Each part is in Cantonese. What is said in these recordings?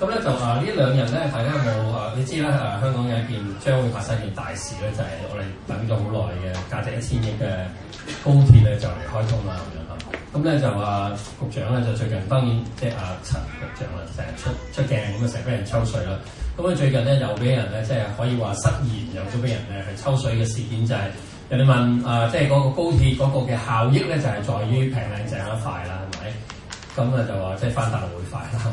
咁咧就話呢兩日咧，大家有冇啊？你知啦。啊，香港有一件將會發生件大事咧，就係我哋等咗好耐嘅價值一千億嘅高鐵咧，就嚟開通啦咁樣嚇。咁咧就話局長咧就最近當然即係啊陳局長啦，成日出出鏡咁啊，成日俾人抽水啦。咁啊最近咧又俾人咧即係可以話失言，又咗俾人咧係抽水嘅事件就係人哋問啊，即係嗰個高鐵嗰個嘅效益咧就係在於平靚正得快啦，係咪？咁啊就話即係翻大陸會快啦。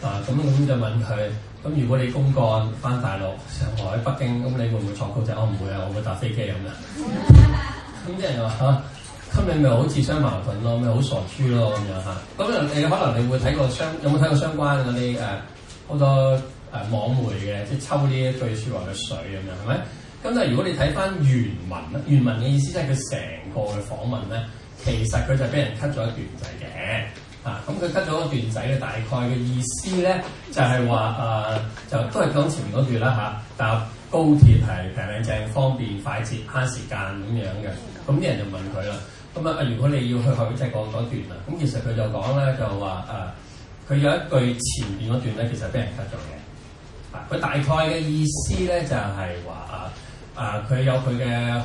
啊咁咁就問佢，咁如果你公幹翻大陸、上、啊、海、北京，咁你會唔會坐高鐵？我唔會啊，我會搭飛機咁樣。咁 啲、嗯、人話嚇，咁你咪好自相矛盾咯，咪好傻豬咯咁樣嚇。咁、嗯、又你可能你會睇過相，嗯嗯、過有冇睇過相關嗰啲誒好多誒、嗯、網媒嘅，即係抽啲廢話嘅水咁樣，係咪？咁但係如果你睇翻原文咧，原文嘅意思即係佢成個嘅訪問咧，其實佢就俾人 cut 咗一段仔嘅。啊，咁佢 cut 咗嗰段仔咧，大概嘅意思咧就係話誒，就，是呃、就都係講前面嗰段啦嚇、啊。但高鐵係平靚正、方便、快捷、慳時間咁樣嘅。咁啲人就問佢啦。咁啊，如果你要去去即係講嗰段啦。咁其實佢就講咧，就話誒，佢、啊、有一句前面嗰段咧，其實俾人 cut 咗嘅。啊，佢大概嘅意思咧就係話啊啊，佢、啊、有佢嘅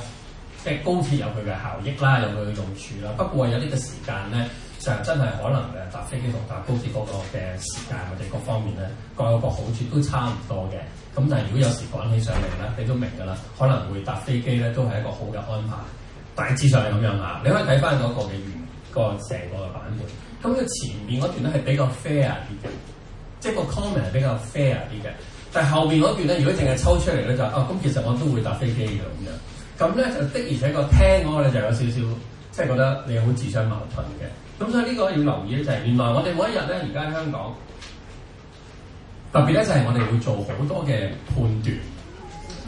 即係高鐵有佢嘅效益啦，有佢嘅用處啦。不過有呢個時間咧。就真係可能嘅，搭飛機同搭高鐵嗰個嘅時間，我哋各方面咧各有個好處，都差唔多嘅。咁但係如果有時講起上嚟咧，你都明㗎啦，可能會搭飛機咧都係一個好嘅安排。大致上係咁樣嚇，你可以睇翻嗰個嘅原、嗰個成個嘅版本。咁佢前面嗰段咧係比較 fair 啲嘅，即係個 comment 係比較 fair 啲嘅。但係後邊嗰段咧，如果淨係抽出嚟咧，就啊咁、哦、其實我都會搭飛機嘅咁樣。咁咧就的而且確聽嗰個咧就有少少即係覺得你好自相矛盾嘅。咁所以呢個要留意嘅就係，原來我哋每一日咧，而家香港特別咧就係、是、我哋會做好多嘅判斷，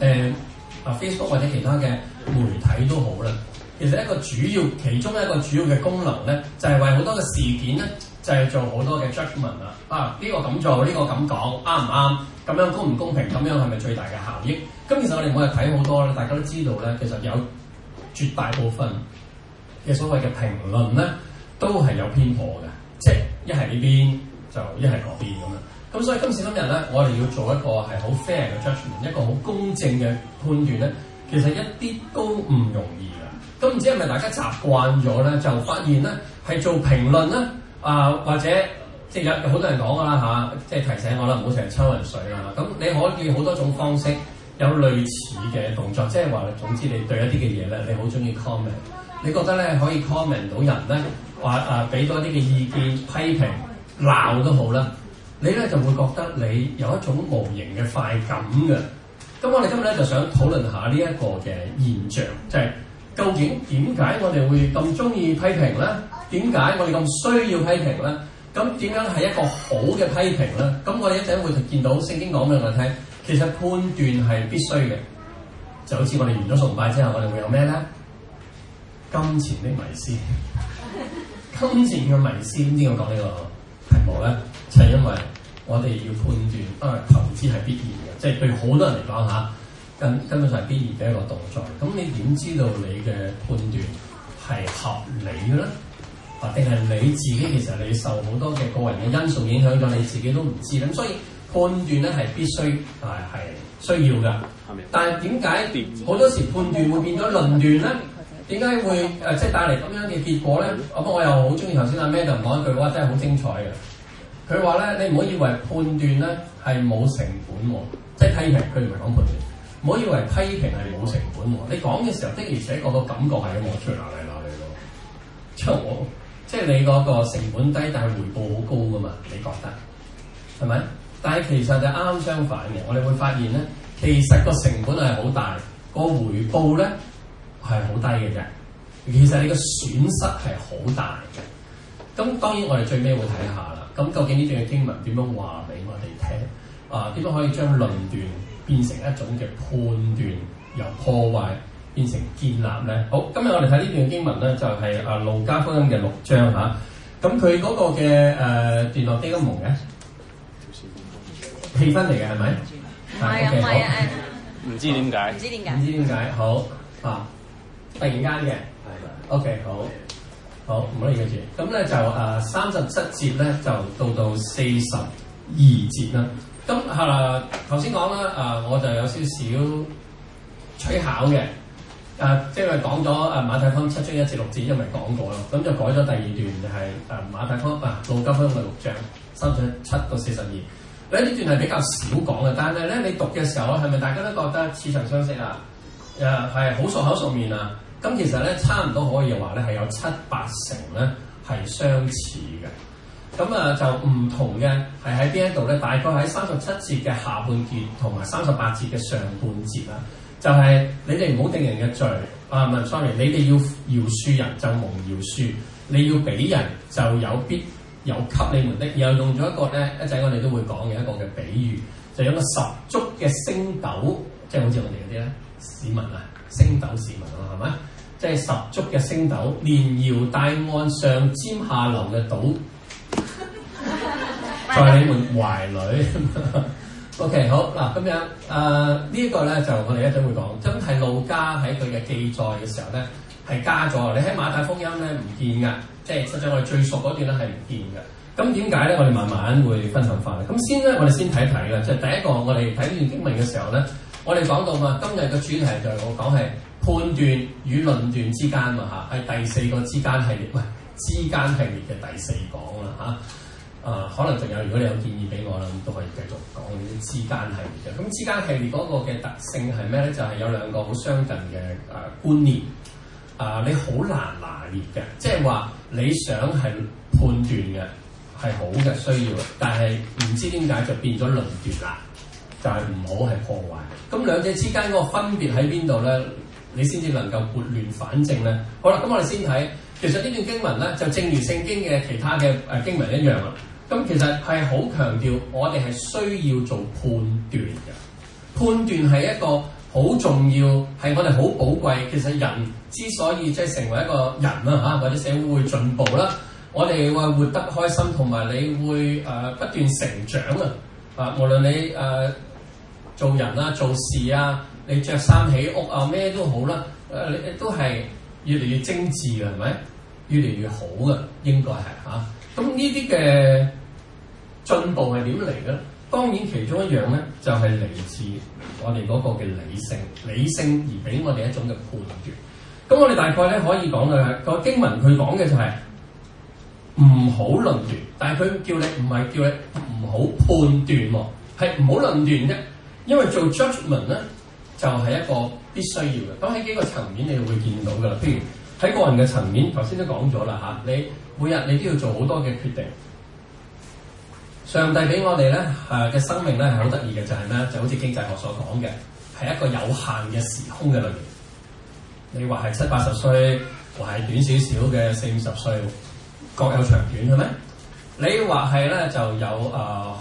誒、呃、啊 Facebook 或者其他嘅媒體都好啦。其實一個主要其中一個主要嘅功能咧，就係、是、為好多嘅事件咧製、就是、做好多嘅 judgment 啊！啊、這、呢個咁做呢、呢個咁講啱唔啱？咁樣公唔公平？咁樣係咪最大嘅效益？咁其實我哋每日睇好多咧，大家都知道咧，其實有絕大部分嘅所謂嘅評論咧，都係有偏頗嘅，即係一係呢邊就一係嗰邊咁樣。咁所以今時今日咧，我哋要做一個係好 fair 嘅 j u d g m e n t 一個好公正嘅判斷咧，其實一啲都唔容易㗎。都唔知係咪大家習慣咗咧，就發現咧係做評論咧啊、呃，或者即係有好多人講㗎啦吓，即係提醒我啦，唔好成日抽人水啦、啊。咁你可以好多種方式有類似嘅動作，即係話總之你對一啲嘅嘢咧，你好中意 comment，你覺得咧可以 comment 到人咧？話誒，俾、啊、多啲嘅意見、批評、鬧都好啦，你咧就會覺得你有一種無形嘅快感嘅。咁我哋今日咧就想討論下呢一個嘅現象，就係、是、究竟點解我哋會咁中意批評咧？點解我哋咁需要批評咧？咁點樣係一個好嘅批評咧？咁我哋一陣會見到聖經講俾我哋聽。其實判斷係必須嘅，就好似我哋完咗崇拜之後，我哋會有咩咧？金錢的迷思。今次嘅迷思點解我講呢個題目咧，就係、是、因為我哋要判斷，啊投資係必然嘅，即係對好多人嚟講吓，根根本上係必然嘅一個動作。咁、嗯、你點知道你嘅判斷係合理嘅咧？啊，定係你自己其實你受好多嘅個人嘅因素影響咗，你自己都唔知。咁、啊、所以判斷咧係必須啊，係需要㗎。下面，但係點解好多時判斷會變咗論斷咧？點解會誒、呃、即係帶嚟咁樣嘅結果咧？咁我又好中意頭先阿 Madam 講一句話，真係好精彩嘅。佢話咧：你唔好以為判斷咧係冇成本喎，即係批評，佢唔係講判斷。唔好以為批評係冇成本喎，你講嘅時候的而且確個感覺係咁，我吹牛嚟鬧你咯。即係我，即係你嗰個成本低，但係回報好高噶嘛，你覺得係咪？但係其實就啱相反嘅。我哋會發現咧，其實個成本係好大，個回報咧，係好低嘅啫，其實你個損失係好大嘅。咁當然我哋最尾會睇下啦。咁究竟呢段嘅經文點樣話俾我哋聽？啊，點樣可以將論斷變成一種嘅判斷，由破壞變成建立咧？好，今日我哋睇呢段嘅經文咧、就是，就係啊路加福音嘅六章嚇。咁佢嗰個嘅誒、啊、段落幾多門嘅？嗯、氣氛嚟嘅係咪？唔係啊，唔、嗯 okay, 嗯、唔知點解？唔知點解？唔知點解？好啊。突然間嘅的，OK，好的好，唔好理佢住。咁咧就誒三十七節咧，就到到四十二節啦。咁係頭先講啦，誒、啊啊、我就有少少取巧嘅，誒、啊、即係講咗誒馬太福音七章一至六節，因為講過咯。咁就改咗第二段，就係、是、誒、啊、馬太福音嗱路加福音嘅六章，三十七到四十二。誒呢段係比較少講嘅，但係咧你讀嘅時候咧，係咪大家都覺得似曾相識啊？誒係好熟口熟面啊！咁其實咧，差唔多可以話咧，係有七八成咧係相似嘅。咁啊，就唔同嘅係喺邊一度咧？大概喺三十七節嘅下半節同埋三十八節嘅上半節啦。就係你哋唔好定人嘅罪。啊，唔係，sorry，你哋要饒恕人就蒙饒恕，你要俾人就有必有給你們的。又用咗一個咧，一陣我哋都會講嘅一個嘅比喻，就用個十足嘅升斗，即係好似我哋嗰啲咧市民啊。升斗市民啊，係咪即係十足嘅升斗，連搖帶按上尖下流嘅倒，在你們懷裡。OK，好嗱，咁樣誒、呃這個、呢一個咧，就我哋一陣會講。真係路加喺佢嘅記載嘅時候咧，係加咗。你喺《馬太福音》咧唔見㗎，即係實際我哋最熟嗰段咧係唔見㗎。咁點解咧？我哋慢慢會分享返。咁先咧，我哋先睇睇㗎。即係第一個，我哋睇呢段經文嘅時候咧。我哋講到嘛，今日嘅主題就係我講係判斷與論斷之間嘛嚇，係、啊、第四個之間系列，喂、哎，之間系列嘅第四講啦嚇。啊，可能仲有，如果你有建議俾我啦，咁都可以繼續講呢啲之間系列嘅。咁之間系列嗰個嘅特性係咩咧？就係、是、有兩個好相近嘅誒觀念啊，你好難拿捏嘅、啊，即係話你想係判斷嘅係好嘅需要嘅，但係唔知點解就變咗論斷啦。但係唔好係破壞。咁兩者之間嗰個分別喺邊度咧？你先至能夠撥亂反正咧。好啦，咁我哋先睇。其實呢段經文咧，就正如聖經嘅其他嘅誒、呃、經文一樣啦。咁、嗯、其實係好強調，我哋係需要做判斷嘅。判斷係一個好重要，係我哋好寶貴。其實人之所以即係成為一個人啦嚇、啊，或者社會進步啦、啊，我哋話活得開心，同埋你會誒、呃、不斷成長啊。啊，無論你誒。呃做人啦、啊，做事啊，你着衫起屋啊，咩都好啦、啊，你都係越嚟越精緻嘅，係咪？越嚟越好嘅，應該係吓。咁呢啲嘅進步係點嚟嘅咧？當然其中一樣咧，就係、是、嚟自我哋嗰個嘅理性，理性而俾我哋一種嘅判斷。咁我哋大概咧可以講到係個經文，佢講嘅就係唔好論斷，但係佢叫你唔係叫你唔好判斷，係唔好論斷啫。因為做 judgment 咧，就係一個必須要嘅。咁喺幾個層面你會見到㗎啦。譬如喺個人嘅層面，頭先都講咗啦嚇，你每日你都要做好多嘅決定。上帝俾我哋咧誒嘅生命咧係好得意嘅，就係咩？就好似經濟學所講嘅，係一個有限嘅時空嘅類型。你話係七八十歲，或係短少少嘅四五十歲，各有長短係咩？你話係咧就有誒。呃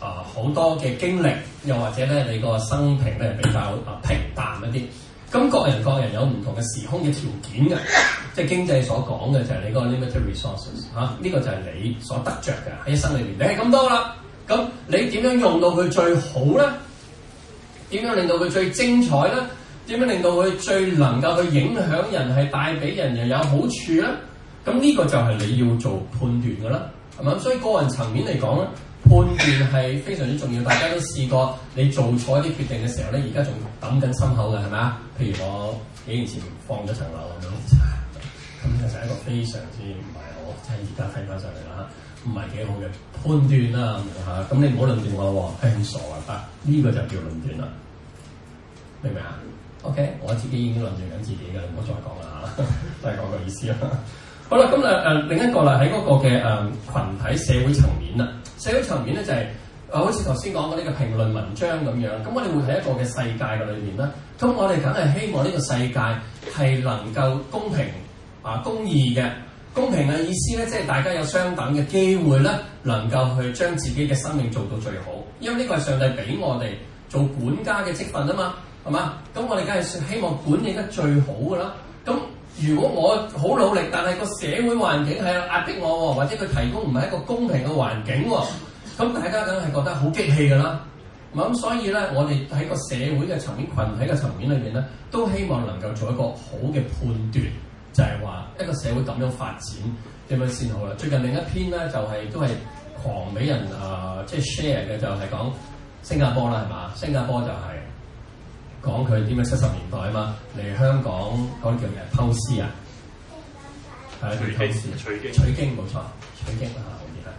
啊，好、呃、多嘅經歷，又或者咧，你個生平咧比較啊平淡一啲。咁各人各人有唔同嘅時空嘅條件嘅，即係經濟所講嘅就係你個 limited resources 嚇、啊，呢、呢個就係你所得着嘅喺一生裏面。你係咁多啦，咁你點樣用到佢最好咧？點樣令到佢最精彩咧？點樣令到佢最能夠去影響人，係帶俾人又有好處咧？咁呢個就係你要做判斷嘅啦，係咪？所以個人層面嚟講咧。判斷係非常之重要，大家都試過你做錯一啲決定嘅時候咧，而家仲揼緊心口嘅係咪啊？譬如我幾年前放咗層樓咁樣，咁就係一個非常之唔係我即係而家睇翻上嚟啦，唔係幾好嘅判斷啦嚇。咁你唔好論斷我喎，係咁、哎、傻嘅、啊，呢個就叫論斷啦，明唔明啊？OK，我自己已經論斷緊自己嘅，唔好再講啦嚇，都係講個意思啦。好啦，咁誒誒另一個啦，喺嗰個嘅誒羣體社會層面啦。社會層面咧就係、是、啊，好似頭先講過呢個評論文章咁樣。咁我哋會喺一個嘅世界嘅裏面啦。咁我哋梗係希望呢個世界係能夠公平啊、公義嘅公平嘅意思咧，即、就、係、是、大家有相等嘅機會咧，能夠去將自己嘅生命做到最好，因為呢個係上帝俾我哋做管家嘅職分啊嘛，係嘛？咁我哋梗係希望管理得最好噶啦，咁。如果我好努力，但係個社會環境係壓迫我，或者佢提供唔係一個公平嘅環境，咁大家梗係覺得好激氣噶啦。咁所以咧，我哋喺個社會嘅層面、群體嘅層面裏邊咧，都希望能夠做一個好嘅判斷，就係話一個社會咁樣發展點樣先好啦。最近另一篇咧就係都係狂俾人啊，即係 share 嘅就係講新加坡啦，係嘛？新加坡就係。講佢點樣七十年代啊嘛嚟香港嗰啲叫咩？偷師啊，係啊，偷師取經，取經冇錯，取經 then, mons ent weet rules 啊，我記得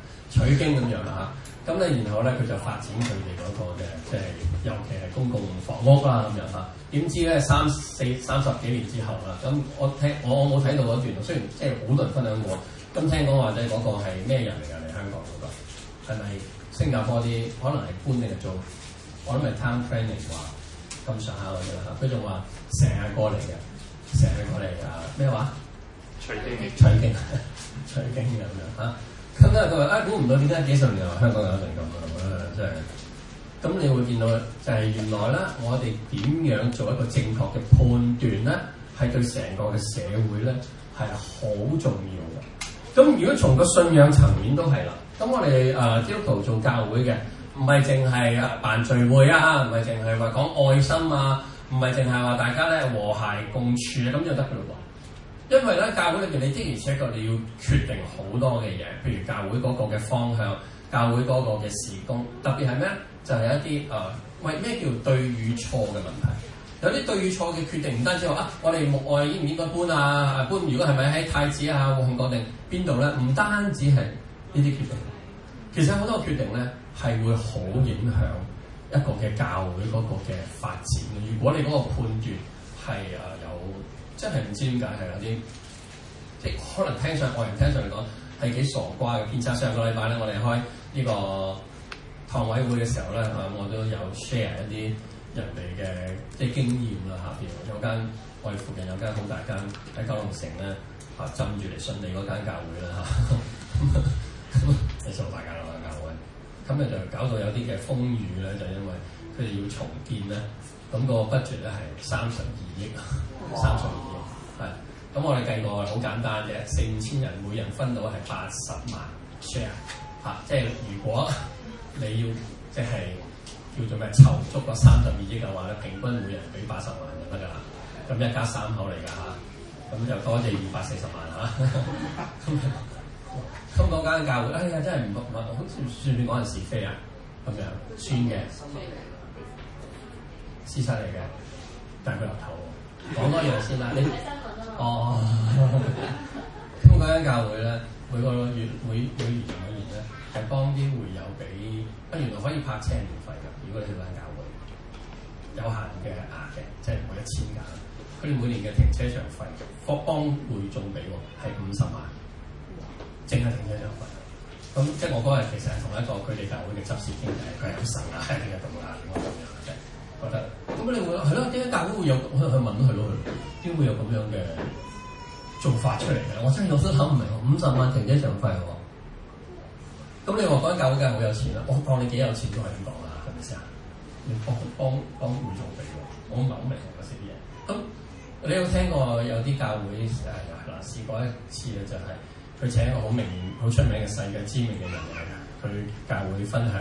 取經咁樣啊嚇。咁咧，然後咧佢就發展佢哋嗰個嘅，即係尤其係公共房屋啦咁樣嚇。點知咧三四三十幾年之後啦，咁我聽我冇睇到嗰段，雖然即係好多人分享過。咁聽講話仔嗰個係咩人嚟㗎？嚟香港嗰個，係咪新加坡啲？可能係搬嚟做，我諗係 time training 話。咁上下嘅啦嚇，佢仲話成日過嚟嘅，成日過嚟嘅咩話？取經，取經，取經咁樣嚇。咁咧佢話啊，估唔、啊、到點解幾十年來香港搞成咁嘅，真、啊、係。咁、就是、你會見到就係原來咧，我哋點樣做一個正確嘅判斷咧，係對成個嘅社會咧係好重要嘅。咁如果從個信仰層面都係啦，咁我哋誒基督徒做教會嘅。唔係淨係辦聚會啊！唔係淨係話講愛心啊，唔係淨係話大家咧和諧共處咧、啊，咁就得㗎啦喎。因為咧，教會裏邊，你經營社區，你要決定好多嘅嘢，譬如教會嗰個嘅方向、教會嗰個嘅時工，特別係咩？就係、係、一啲誒，唔、呃、咩叫對與錯嘅問題。有啲對與錯嘅決定，唔單止話啊，我哋牧愛應唔應該搬啊？搬，如果係咪喺太子啊、我旺角定邊度咧？唔單止係呢啲決定，其實好多決定咧。係會好影響一個嘅教會嗰個嘅發展，如果你嗰個判斷係誒有，真係唔知點解係有啲，即係可能聽上外人聽上嚟講係幾傻瓜嘅偏差。上個禮拜咧，我哋開呢、呢個堂委會嘅時候咧嚇，我都有 share 一啲人哋嘅即係經驗啊下邊，有間我哋附近有間好大間喺九龍城咧嚇，浸住嚟信你嗰間教會啦嚇，咁 啊，祝大家好！咁咪就搞到有啲嘅風雨啦，就是、因為佢哋要重建咧，咁個 budget 咧係三十二億，三十二億，係咁哇我哋計過好簡單嘅，四五千人每人分到係八十萬 share，嚇，即係如果你要即係、就是、叫做咩，籌足個三十二億嘅話咧，平均每人俾八十萬就得啦，咁一家三口嚟㗎嚇，咁就多謝二百四十萬嚇。哈哈 香港間教會，哎呀，真係唔唔，好、啊、似算你算講係是非啊？咁樣算嘅，事實嚟嘅，但係佢有頭。講 多樣先啦，你，你、啊、哦， 香港間教會咧，每個月每個月每，每年每年咧，係幫啲會友俾，啊原來可以泊車免費㗎，如果你去間教會，有限嘅牙嘅，即係、就是、每一千㗎，佢每年嘅停車場費，各幫會眾俾喎，係五十萬。正停車停車場費，咁即係我嗰日其實係同一個佢哋教會嘅執事經理佢有神啊，呢個動畫點解咁樣嘅、啊？覺得咁你會係咯？點解教會會有去去問佢咯？點會有咁樣嘅做法出嚟嘅？我真係我都諗唔明，五十萬停車場費喎、啊。咁你話講教會梗係好有錢啦。我當你幾有錢都係咁講啊？係咪先啊？幫幫幫會做俾我，我唔係好明嗰啲嘢。咁你有聽過有啲教會誒嗱試過一次嘅就係、是。佢請一個好名、好出名嘅世界知名嘅人嚟去教會分享，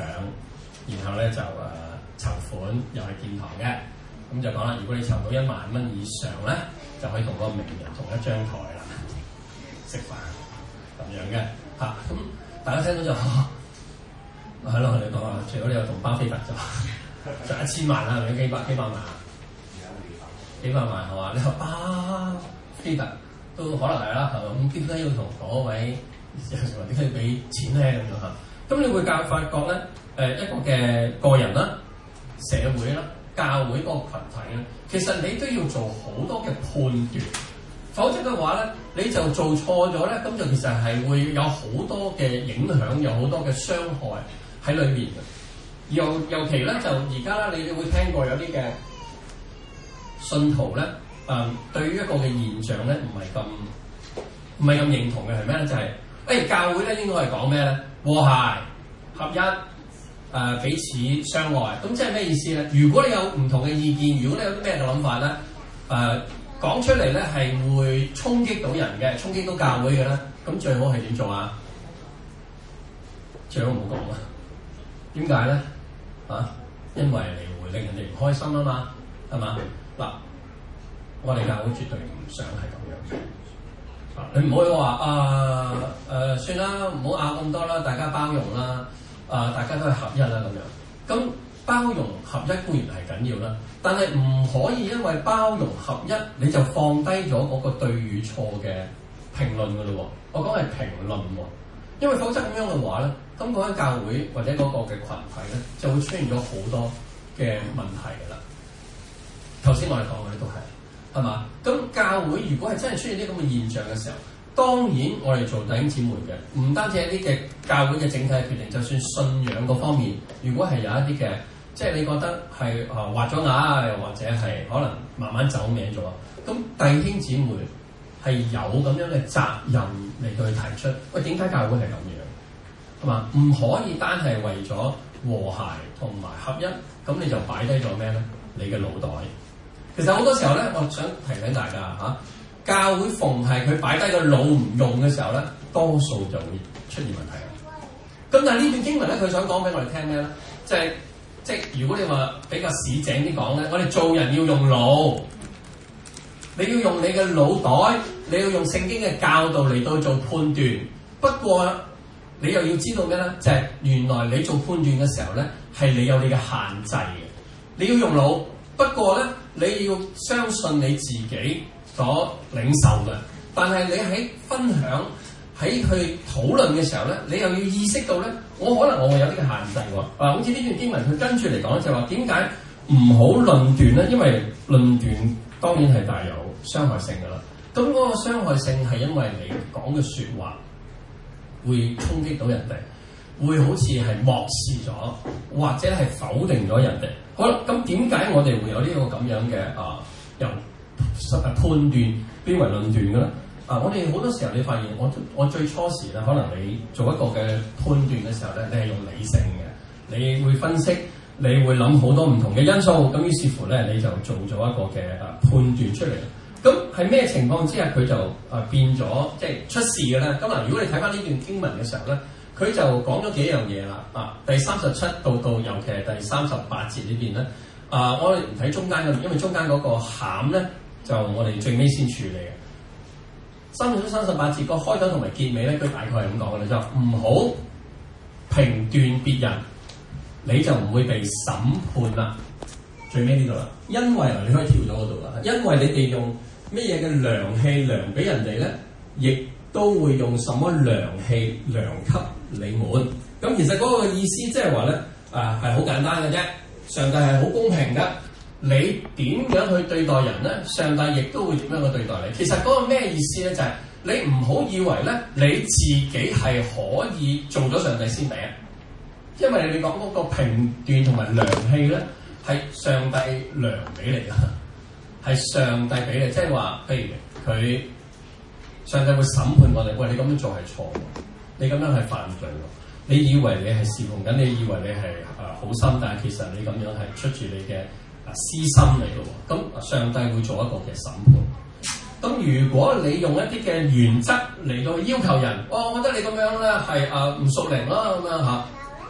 然後咧就誒、呃、籌款，又係建堂嘅，咁就講啦，如果你籌到一萬蚊以上咧，就可以同個名人同一張台啦，食飯咁樣嘅，嚇、啊、咁大家聽到就係咯、啊，你講啊，除咗你有同巴菲特做 就賺一千萬啦，定幾百幾百萬，幾百萬係嘛？你話巴菲特？都可能係啦，係咁點解要同嗰位或者點解俾錢咧？咁樣嚇，咁你會教發覺咧？誒、呃，一個嘅個人啦、社會啦、教會嗰個羣體咧，其實你都要做好多嘅判斷，否則嘅話咧，你就做錯咗咧，咁就其實係會有好多嘅影響，有好多嘅傷害喺裏面嘅。尤尤其咧，就而家咧，你會聽過有啲嘅信徒咧。誒、嗯、對於一個嘅現象咧，唔係咁唔係咁認同嘅係咩？就係、是、誒教會咧，應該係講咩咧？和諧、合一、誒、呃、彼此相愛。咁、嗯、即係咩意思咧？如果你有唔同嘅意見，如果你有咩嘅諗法咧，誒、呃、講出嚟咧係會衝擊到人嘅，衝擊到教會嘅咧，咁最好係點做啊？最好唔好講啦。點解咧？啊，因為你會令人哋唔開心啊嘛，係嘛？嗱。我哋教會絕對唔想係咁樣，啊、呃！你唔好話啊誒，算啦，唔好拗咁多啦，大家包容啦，啊、呃，大家都係合一啦咁樣。咁包容合一固然係緊要啦，但係唔可以因為包容合一，你就放低咗嗰個對與錯嘅評論噶嘞喎。我講係評論喎，因為否則咁樣嘅話咧，咁講緊教會或者嗰個嘅群體咧，就會出現咗好多嘅問題噶啦。頭先我哋講嘅都係。係嘛？咁教會如果係真係出現啲咁嘅現象嘅時候，當然我哋做弟兄姊妹嘅，唔單止係啲嘅教會嘅整體決定，就算信仰嗰方面，如果係有一啲嘅，即係你覺得係誒滑咗牙，又或者係可能慢慢走歪咗，咁弟兄姊妹係有咁樣嘅責任嚟去提出。喂，點解教會係咁樣？係嘛？唔可以單係為咗和諧同埋合一，咁你就擺低咗咩咧？你嘅腦袋。其實好多時候咧，我想提醒大家吓、啊，教會逢係佢擺低個腦唔用嘅時候咧，多數就會出現問題啦。咁但係呢段經文咧，佢想講俾我哋聽咩咧？就係、是、即係如果你話比較市井啲講咧，我哋做人要用腦，你要用你嘅腦袋，你要用聖經嘅教導嚟到做判斷。不過你又要知道咩咧？就係、是、原來你做判斷嘅時候咧，係你有你嘅限制嘅，你要用腦。不過咧，你要相信你自己所領受嘅。但係你喺分享、喺去討論嘅時候咧，你又要意識到咧，我可能我會有啲嘅限制喎。啊，好似呢段經文，佢跟住嚟講就係話點解唔好論斷咧？因為論斷當然係大有傷害性㗎啦。咁嗰個傷害性係因為你講嘅説話會衝擊到人哋。會好似係漠視咗，或者係否定咗人哋。好啦，咁點解我哋會有呢個咁樣嘅啊、呃、由判斷變為論斷嘅咧？啊、呃，我哋好多時候你發現，我我最初時咧，可能你做一個嘅判斷嘅時候咧，你係用理性嘅，你會分析，你會諗好多唔同嘅因素，咁於是乎咧，你就做咗一個嘅啊判斷出嚟。咁係咩情況之下佢就啊、呃、變咗即係出事嘅咧？咁啊，如果你睇返呢段經文嘅時候咧。佢就講咗幾樣嘢啦，啊，第三十七度到，尤其係第三十八節呢邊咧，啊，我哋唔睇中間嗰，因為中間嗰個餡咧，就我哋最尾先處理嘅。三經書三十八節個開頭同埋結尾咧，佢大概係咁講嘅啦，就唔好評斷別人，你就唔會被審判啦。最尾呢度啦，因為你可以跳咗嗰度啦，因為你哋用咩嘢嘅涼氣涼俾人哋咧，亦都會用什麼涼氣涼吸。你滿咁，其實嗰個意思即係話咧，誒係好簡單嘅啫。上帝係好公平嘅，你點樣去對待人咧？上帝亦都會點樣去對待你。其實嗰個咩意思咧？就係、是、你唔好以為咧，你自己係可以做咗上帝先得，因為你講嗰個評斷同埋良氣咧，係上帝量俾你噶，係上帝俾你。即係話，譬如佢上帝會審判我哋，喂，你咁樣做係錯。你咁樣係犯罪喎！你以為你係侍奉緊，你以為你係誒好心，但係其實你咁樣係出住你嘅啊私心嚟嘅喎。咁上帝會做一個嘅審判。咁如果你用一啲嘅原則嚟到要求人，哦，我覺得你咁樣咧係誒唔屬靈啦咁樣吓，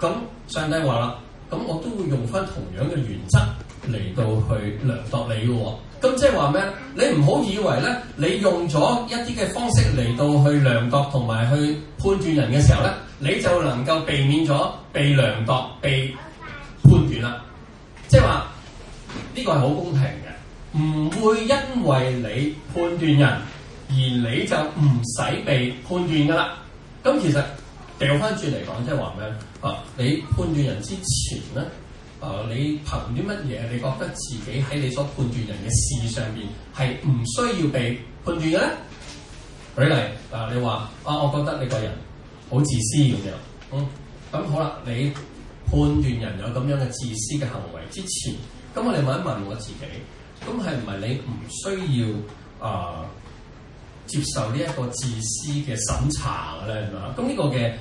咁、啊啊、上帝話啦，咁我都會用返同樣嘅原則嚟到去量度你嘅喎。咁即係話咩？你唔好以為咧，你用咗一啲嘅方式嚟到去量度同埋去判斷人嘅時候咧，你就能夠避免咗被量度、被判斷啦。即係話呢個係好公平嘅，唔會因為你判斷人而你就唔使被判斷噶啦。咁其實掉翻轉嚟講，即係話咩啊，你判斷人之前咧？誒、呃，你憑啲乜嘢？你覺得自己喺你所判斷人嘅事上邊係唔需要被判斷嘅咧？舉例，誒、啊，你話啊，我覺得你個人好自私咁樣，嗯，咁、嗯嗯、好啦，你判斷人有咁樣嘅自私嘅行為之前，咁我哋問一問我自己，咁係唔係你唔需要誒、呃、接受呢一個自私嘅審查嘅咧？係嘛？咁呢、嗯這個嘅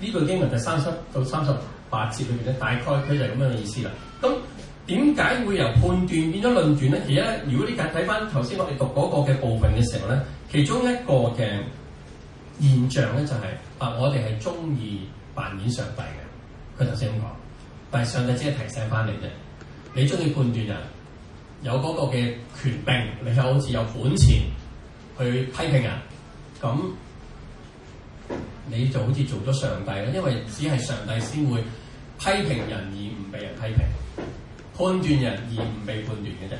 呢句經文就三十七到三十八節裏邊咧，大概佢就係咁樣嘅意思啦。咁點解會由判斷變咗論斷咧？其實，如果你睇翻頭先我哋讀嗰個嘅部分嘅時候咧，其中一個嘅現象咧就係、是，啊，我哋係中意扮演上帝嘅。佢頭先咁講，但係上帝只係提醒翻你啫。你中意判斷人、啊，有嗰個嘅權柄，你係好似有本錢去批評人、啊，咁你就好似做咗上帝啦。因為只係上帝先會。批評人而唔被人批評，判斷人而唔被判斷嘅啫。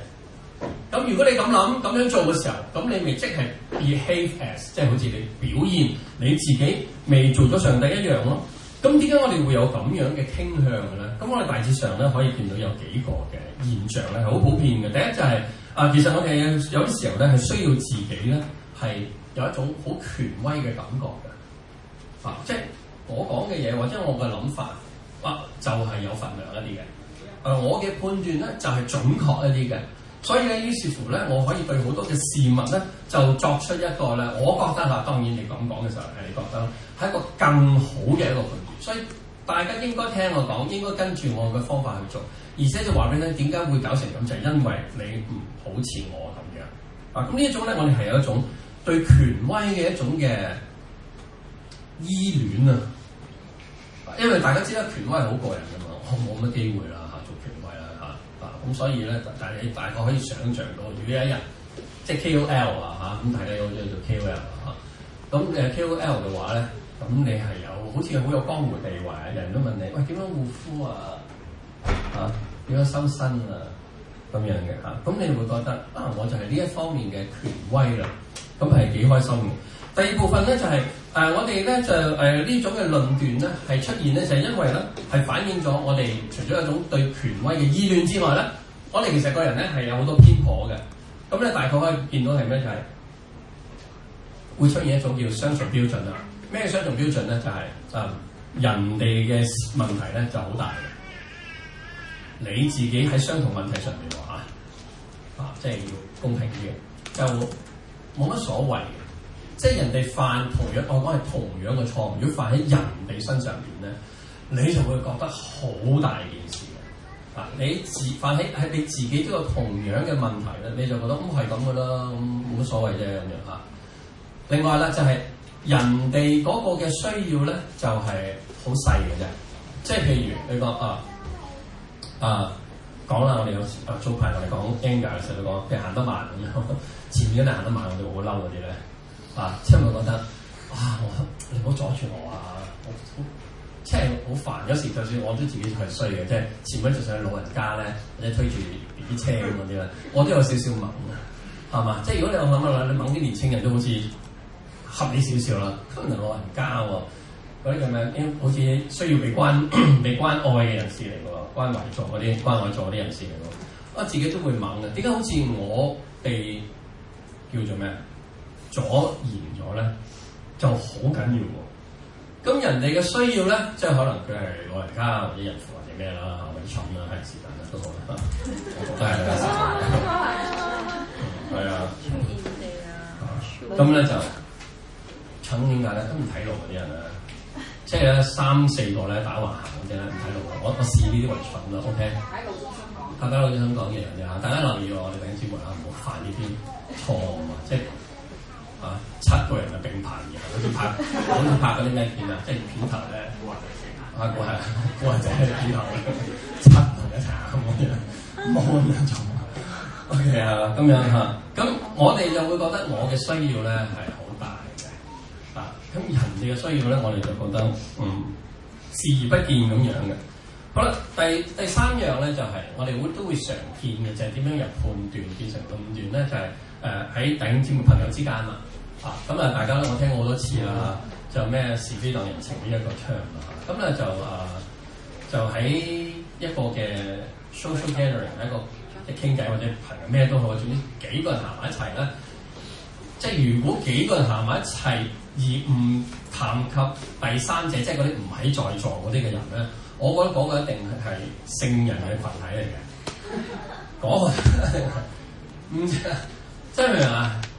咁如果你咁諗咁樣做嘅時候，咁你咪即係 behave as，即係好似你表現你自己未做咗上帝一樣咯。咁點解我哋會有咁樣嘅傾向嘅咧？咁我哋大致上咧可以見到有幾個嘅現象咧，係好普遍嘅。第一就係啊，其實我哋有啲時候咧係需要自己咧係有一種好權威嘅感覺嘅，啊，即係我講嘅嘢或者我嘅諗法。哇、啊！就係、是、有份量一啲嘅，誒、呃，我嘅判斷咧就係準確一啲嘅，所以咧，於是乎咧，我可以對好多嘅事物咧，就作出一個咧，我覺得嚇、啊，當然你咁講嘅時候，誒，你覺得係一個更好嘅一個判斷，所以大家應該聽我講，應該跟住我嘅方法去做，而且就話俾你聽，點解會搞成咁，就係、是、因為你唔好似我咁樣，啊，咁、嗯、呢一種咧，我哋係有一種對權威嘅一種嘅依戀啊！因為大家知啦，權威係好過癮㗎嘛，我冇乜機會啦嚇，做權威啦嚇，咁、啊、所以咧，但你大概可以想像到，如果一日即 KOL 啊嚇，咁大家有做做 KOL 嚇，咁誒 KOL 嘅話咧，咁你係有好似好有江湖地位啊，人都問你喂，點樣護膚啊嚇，點、啊、樣修身啊咁樣嘅嚇，咁、啊、你會覺得啊，我就係呢一方面嘅權威啦，咁係幾開心嘅。第二部分咧就係、是、誒、呃，我哋咧就誒、呃、呢種嘅論斷咧係出現咧，就係、是、因為咧係反映咗我哋除咗一種對權威嘅依戀之外咧，我哋其實個人咧係有好多偏頗嘅。咁、嗯、咧大概可以見到係咩就係、是、會出現一種叫雙重標準啦。咩雙重標準咧？就係、是、就、呃、人哋嘅問題咧就好大嘅，你自己喺相同問題上面話啊，即係要公平啲嘅，就冇乜所謂。即係人哋犯同樣，我講係同樣嘅錯誤。如果犯喺人哋身上面咧，你就會覺得好大件事嘅。啊，你自犯喺喺你自己都有同樣嘅問題咧，你就覺得唔係咁嘅啦，咁、嗯、冇、嗯、乜所謂啫，咁樣嚇。另外咧就係、是、人哋嗰個嘅需要咧，就係好細嘅啫。即係譬如你講啊，啊講啦，我哋有啊早排同你講 anger 嘅時候，你講譬如行得慢咁樣，前面嗰啲行得慢，我 哋會好嬲嗰啲咧。啊，即係我覺得，啊，我你唔好阻住我啊！我即係好煩，有時就算我都自己係衰嘅，即係前面仲想老人家咧，即係推住啲車咁嗰啲咧，我都有少少猛啊，係嘛？即係如果你我諗諗，你猛啲年輕人都好似合理少少啦，可能老人家喎、啊，嗰啲咁樣好似需要被關 被關愛嘅人士嚟嘅喎，關懷座嗰啲關懷座嗰啲人士嚟嘅，我自己都會猛嘅，點解好似我被叫做咩？阻延咗咧就好緊要喎，咁人哋嘅需要咧，即係可能佢係老人家或者孕婦或者咩啦，嚇或者蠢啦，係時間啦，都好啦。係啊，係啊，咁咧就蠢點解咧？都唔睇路嗰啲人啊，即係咧三四個咧打橫行啲啫，唔睇路。我我試呢啲為蠢啦，OK。睇路都想講，睇路都想講嘢啊！嚇，大家留意我哋等節目嚇，唔好犯呢啲錯誤啊！即係。啊！七個人嘅並排嘅，好似拍，咁拍咗啲咩片啊？即係片頭咧，個係個係就喺片頭，七個人一齊咁樣，冇咁樣做。OK 啊，咁樣吓，咁我哋就會覺得我嘅需要咧係好大嘅。啊，咁人哋嘅需要咧我哋就覺得嗯視而不見咁樣嘅。好啦，第第三樣咧就係我哋會都會常見嘅就係點樣由判斷變成論斷咧？就係誒喺頂尖嘅朋友之間啊啊咁啊！大家咧，我聽過好多次啦，就咩是非當人情呢、啊啊、一個場啦。咁咧就誒，就喺一個嘅 social gathering，一個即係傾偈或者朋友咩都好，總之幾個人行埋一齊咧。即係如果幾個人行埋一齊而唔談及第三者，即係嗰啲唔喺在座嗰啲嘅人咧，我覺得講嘅一定係聖人嘅羣體嚟嘅。 講我唔知啊，啊、嗯就是，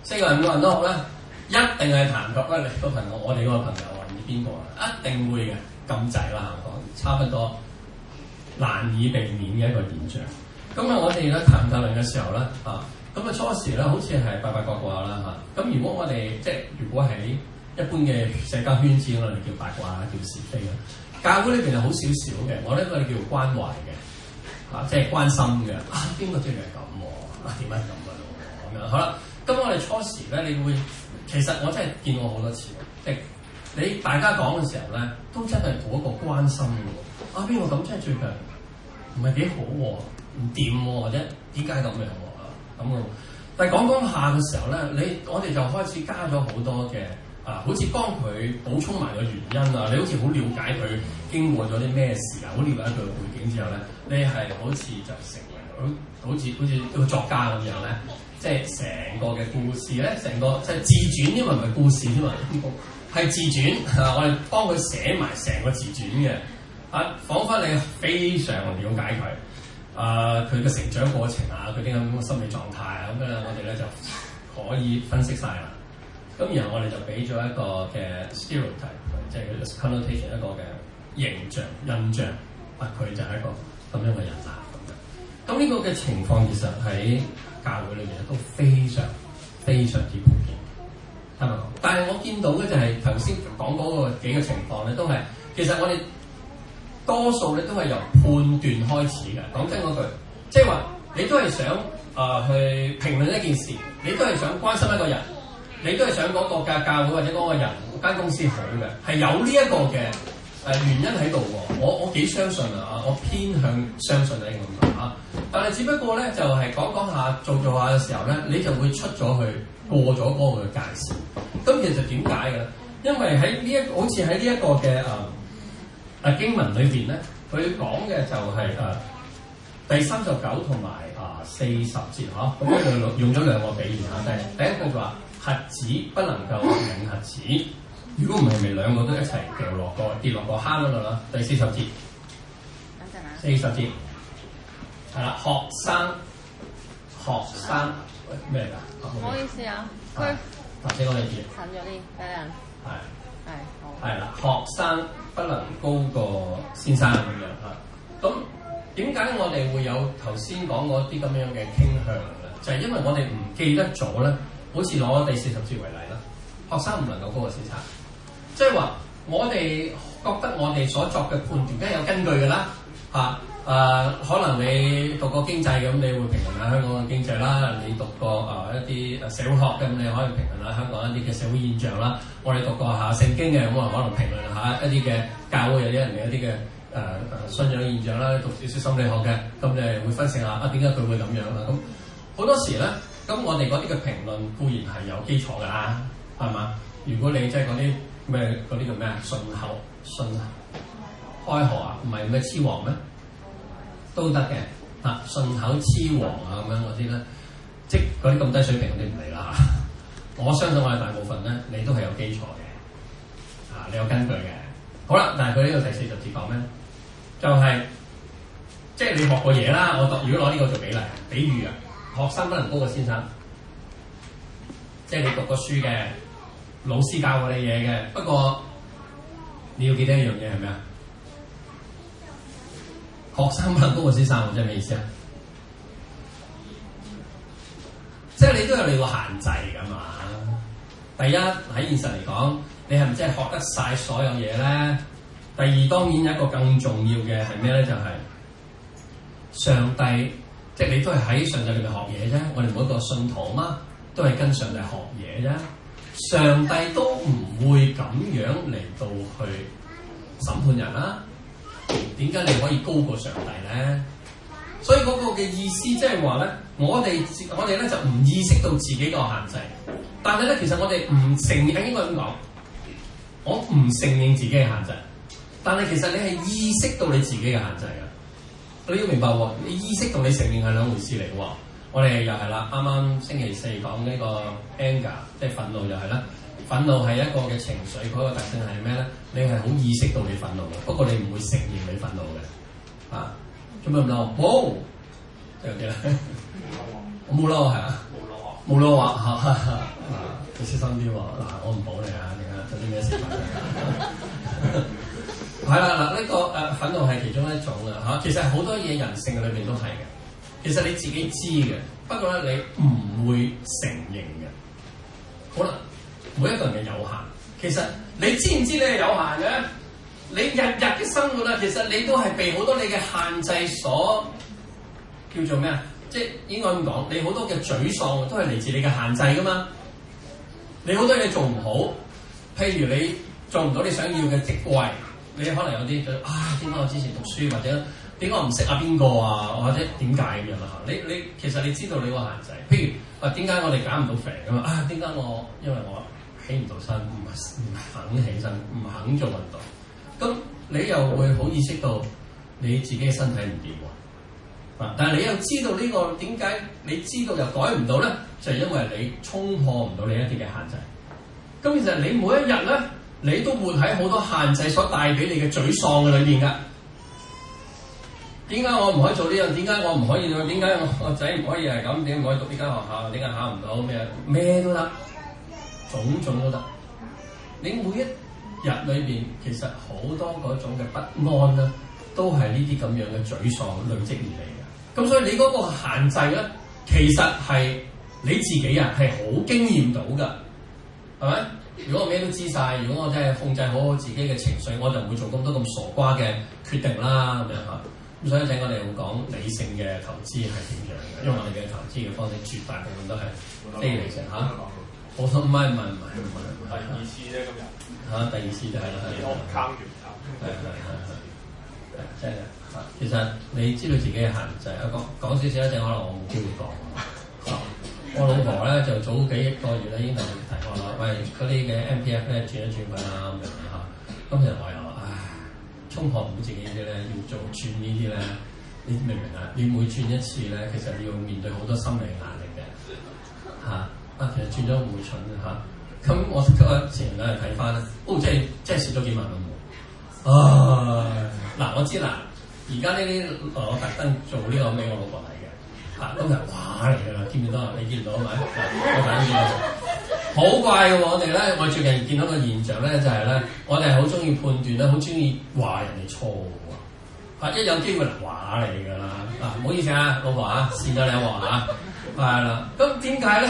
四個人五個人都好啦。一定係談唔落你個朋友，我哋嗰個朋友啊，邊個啊？一定會嘅咁滯啦，講差唔多難以避免嘅一個現象。咁啊，我哋咧談討論嘅時候咧啊，咁啊初時咧好似係八八卦卦啦嚇。咁如果我哋即係如果喺一般嘅社交圈子，我哋叫八卦，叫是非啦。教會呢邊係好少少嘅，我呢嗰個叫關懷嘅啊，即係關心嘅啊，邊個最近係咁啊？點解咁嘅咯？咁樣好啦。咁我哋初時咧，你會。其實我真係見過好多次，即係你大家講嘅時候咧，都真係抱一個關心嘅，啊邊個咁即係最近、啊？唔係幾好喎，唔掂喎，或者點解咁樣喎？咁啊，嗯、但係講講下嘅時候咧，你我哋就開始加咗好多嘅啊，好似幫佢補充埋個原因啊，你好似好了解佢經過咗啲咩事啊，好瞭解佢背景之後咧，你係好似就成。好好似好似一個作家咁樣咧，即係成個嘅故事咧，成個即係自傳，因為唔係故事添嘛，係自傳吓、啊、我哋幫佢寫埋成個自傳嘅，啊，彷彿你非常了解佢，啊，佢嘅成長過程啊，佢點解咁嘅心理狀態啊，咁樣我哋咧就可以分析晒啦。咁然後我哋就俾咗一個嘅 stereotype，、啊、即係一個 characterization 一個嘅形象印象，啊，佢就係一個咁樣嘅人啦。咁呢個嘅情況其實喺教會裏面都非常非常之普遍，係咪？但係我見到嘅就係頭先講嗰個幾個情況咧，都係其實我哋多數咧都係由判斷開始嘅。講真嗰句，即係話你都係想啊、呃、去評論一件事，你都係想關心一個人，你都係想嗰個教教會或者嗰個人間公司好嘅，係有呢一個嘅。誒、呃、原因喺度喎，我我幾相信啊，我偏向相信你咁嘅嚇，但係只不過咧就係、是、講講下做做下嘅時候咧，你就會出咗去過咗嗰個界線。咁、嗯、其實點解嘅咧？因為喺呢一好似喺呢一個嘅誒、啊啊、經文裏邊咧，佢講嘅就係、是、誒、啊、第三十九同埋啊四十節嚇，咁樣、啊嗯啊、用用咗兩個比喻嚇、啊。第一個就話：瞎子不能夠領瞎子。如果唔係，咪兩個都一齊掉落個跌落個坑嗰度咯。第四十節，等陣啦，四十節係啦。學生學生咩嚟？唔好意思啊，佢頭先我哋，近咗啲係啊，係係學生不能高過先生咁樣嚇。咁點解我哋會有頭先講嗰啲咁樣嘅傾向咧？就係因為我哋唔記得咗咧。好似攞第四十節為例啦，學生唔能夠高過先生。即係話，我哋覺得我哋所作嘅判斷梗係有根據㗎啦。嚇、啊、誒、呃，可能你讀過經濟咁，你會評論下香港嘅經濟啦。你讀過誒、呃、一啲社會學咁、嗯，你可以評論下香港一啲嘅社會現象啦。我哋讀過下聖經嘅咁、嗯，可能評論下一啲嘅教會有啲人嘅一啲嘅誒誒信仰現象啦。你讀少少心理學嘅咁、嗯，你係會分析下啊點解佢會咁樣啦。咁、嗯、好多時咧，咁我哋嗰啲嘅評論固然係有基礎㗎啦，係嘛？如果你即係嗰啲。咩嗰啲叫咩啊？信口信開河啊？唔係咩雌黃」咩？都得嘅嚇，信口雌黃」啊咁、啊、樣嗰啲咧，即嗰啲咁低水平嗰啲唔理啦我相信我哋大部分咧，你都係有基礎嘅，嚇、啊、你有根據嘅。好啦，但係佢呢個第四十節講咩？就係、是、即係你學過嘢啦。我讀如果攞呢個做比例、比喻啊，學生不能高過先生，即係你讀過書嘅。老師教我哋嘢嘅，不過你要記得一樣嘢係咩啊？ 學，學生問高雲先生，即係咩意思啊？ 即係你都有你個限制㗎嘛？第一喺現實嚟講，你係咪真係學得晒所有嘢咧？第二，當然有一個更重要嘅係咩咧？就係、是、上帝，即、就、係、是、你都係喺上帝入面學嘢啫。我哋每一個信徒啊嘛，都係跟上帝學嘢啫。上帝都唔會咁樣嚟到去審判人啦、啊。點解你可以高過上帝咧？所以嗰個嘅意思即係話咧，我哋我哋咧就唔意識到自己個限制。但係咧，其實我哋唔承認應該咁講，我唔承認自己嘅限制。但係其實你係意識到你自己嘅限制㗎！你要明白喎，你意識同你承認係兩回事嚟嘅喎。我哋又係啦，啱啱星期四講呢個 anger，即係憤怒，又係啦。憤怒係一個嘅情緒，佢、嗰個特性係咩咧？你係好意識到你憤怒嘅，不過你唔會承認你憤怒嘅。啊，做咩唔嬲？冇、哦，有啲啦，我冇嬲，係啊，冇嬲，冇嬲話嚇，啊、 你小心啲喎。嗱，我唔保你 啊，睇、這、下、個，究竟咩事？係啦，嗱，呢個誒憤怒係其中一種啊，嚇。其實好多嘢人性嘅裏邊都係嘅。其實你自己知嘅，不過咧你唔會承認嘅。好啦，每一個人嘅有限，其實你知唔知你係有限嘅？你日日嘅生活咧，其實你都係被好多你嘅限制所叫做咩啊？即應該咁講，你好多嘅沮喪都係嚟自你嘅限制噶嘛。你好多嘢做唔好，譬如你做唔到你想要嘅職位，你可能有啲啊，點解我之前讀書或者？點解唔識啊邊個啊？或者點解咁樣啊？你你其實你知道你個限制，譬如話點解我哋減唔到肥咁啊？啊點解我因為我起唔到身，唔係唔肯起身，唔肯做運動。咁、嗯、你又會好意識到你自己嘅身體唔掂喎。啊、嗯！但係你又知道呢、這個點解？你知道又改唔到咧，就係、因為你衝破唔到你一啲嘅限制。咁、嗯、其實你每一日咧，你都會喺好多限制所帶俾你嘅沮喪嘅裏面㗎。點解我唔可以做呢樣？點解我唔可以做？點解我個仔唔可以係咁？點解唔可以讀呢間學校？點解考唔到咩咩都得，種種都得。你每一日裏邊其實好多嗰種嘅不安啦，都係呢啲咁樣嘅沮喪累積而嚟嘅。咁所以你嗰個限制咧，其實係你自己啊，係好經驗到㗎，係咪？如果我咩都知晒，如果我真係控制好我自己嘅情緒，我就唔會做咁多咁傻瓜嘅決定啦。咁樣嚇。咁所以請我哋要講理性嘅投資係點樣嘅？因為我哋嘅投資嘅方式絕大部分都係非理性嚇。我諗唔係唔係唔係，啊啊、第二次啫今日嚇，啊、第二次就係啦，係天啊，係啊，係啊，真係其實你知道自己嘅限制啊，講講少少一陣，可能我冇機會講、 啊、我老婆咧就早幾億個月咧已經同我提我啦，喂，佢呢嘅 MPF 咧轉一轉款啦。咁樣嚇。今日我又～衝學股自己呢啲咧，要做轉呢啲咧，你明唔明啊？要每轉一次咧，其實要面對好多心理壓力嘅嚇。啊，其實轉咗唔會蠢嘅咁、啊、我我前兩日睇翻咧，哦，即係即係蝕咗幾萬蚊喎。唉、啊，嗱、啊啊，我知啦。而家呢啲，我特登做呢、這個俾我老婆嚟嘅。啊，今日哇嚟啊，見唔見到啊？你見唔見到啊？咪，我睇見啦。好怪嘅我哋咧，我哋呢，我最近見到個現象咧，就係、是、咧，我哋好中意判斷咧，好中意話人哋錯喎，或、啊、者有機會話你㗎啦，嗱、啊、唔好意思啊，老婆 啊，扇咗你一劃嚇，係啦，咁點解咧？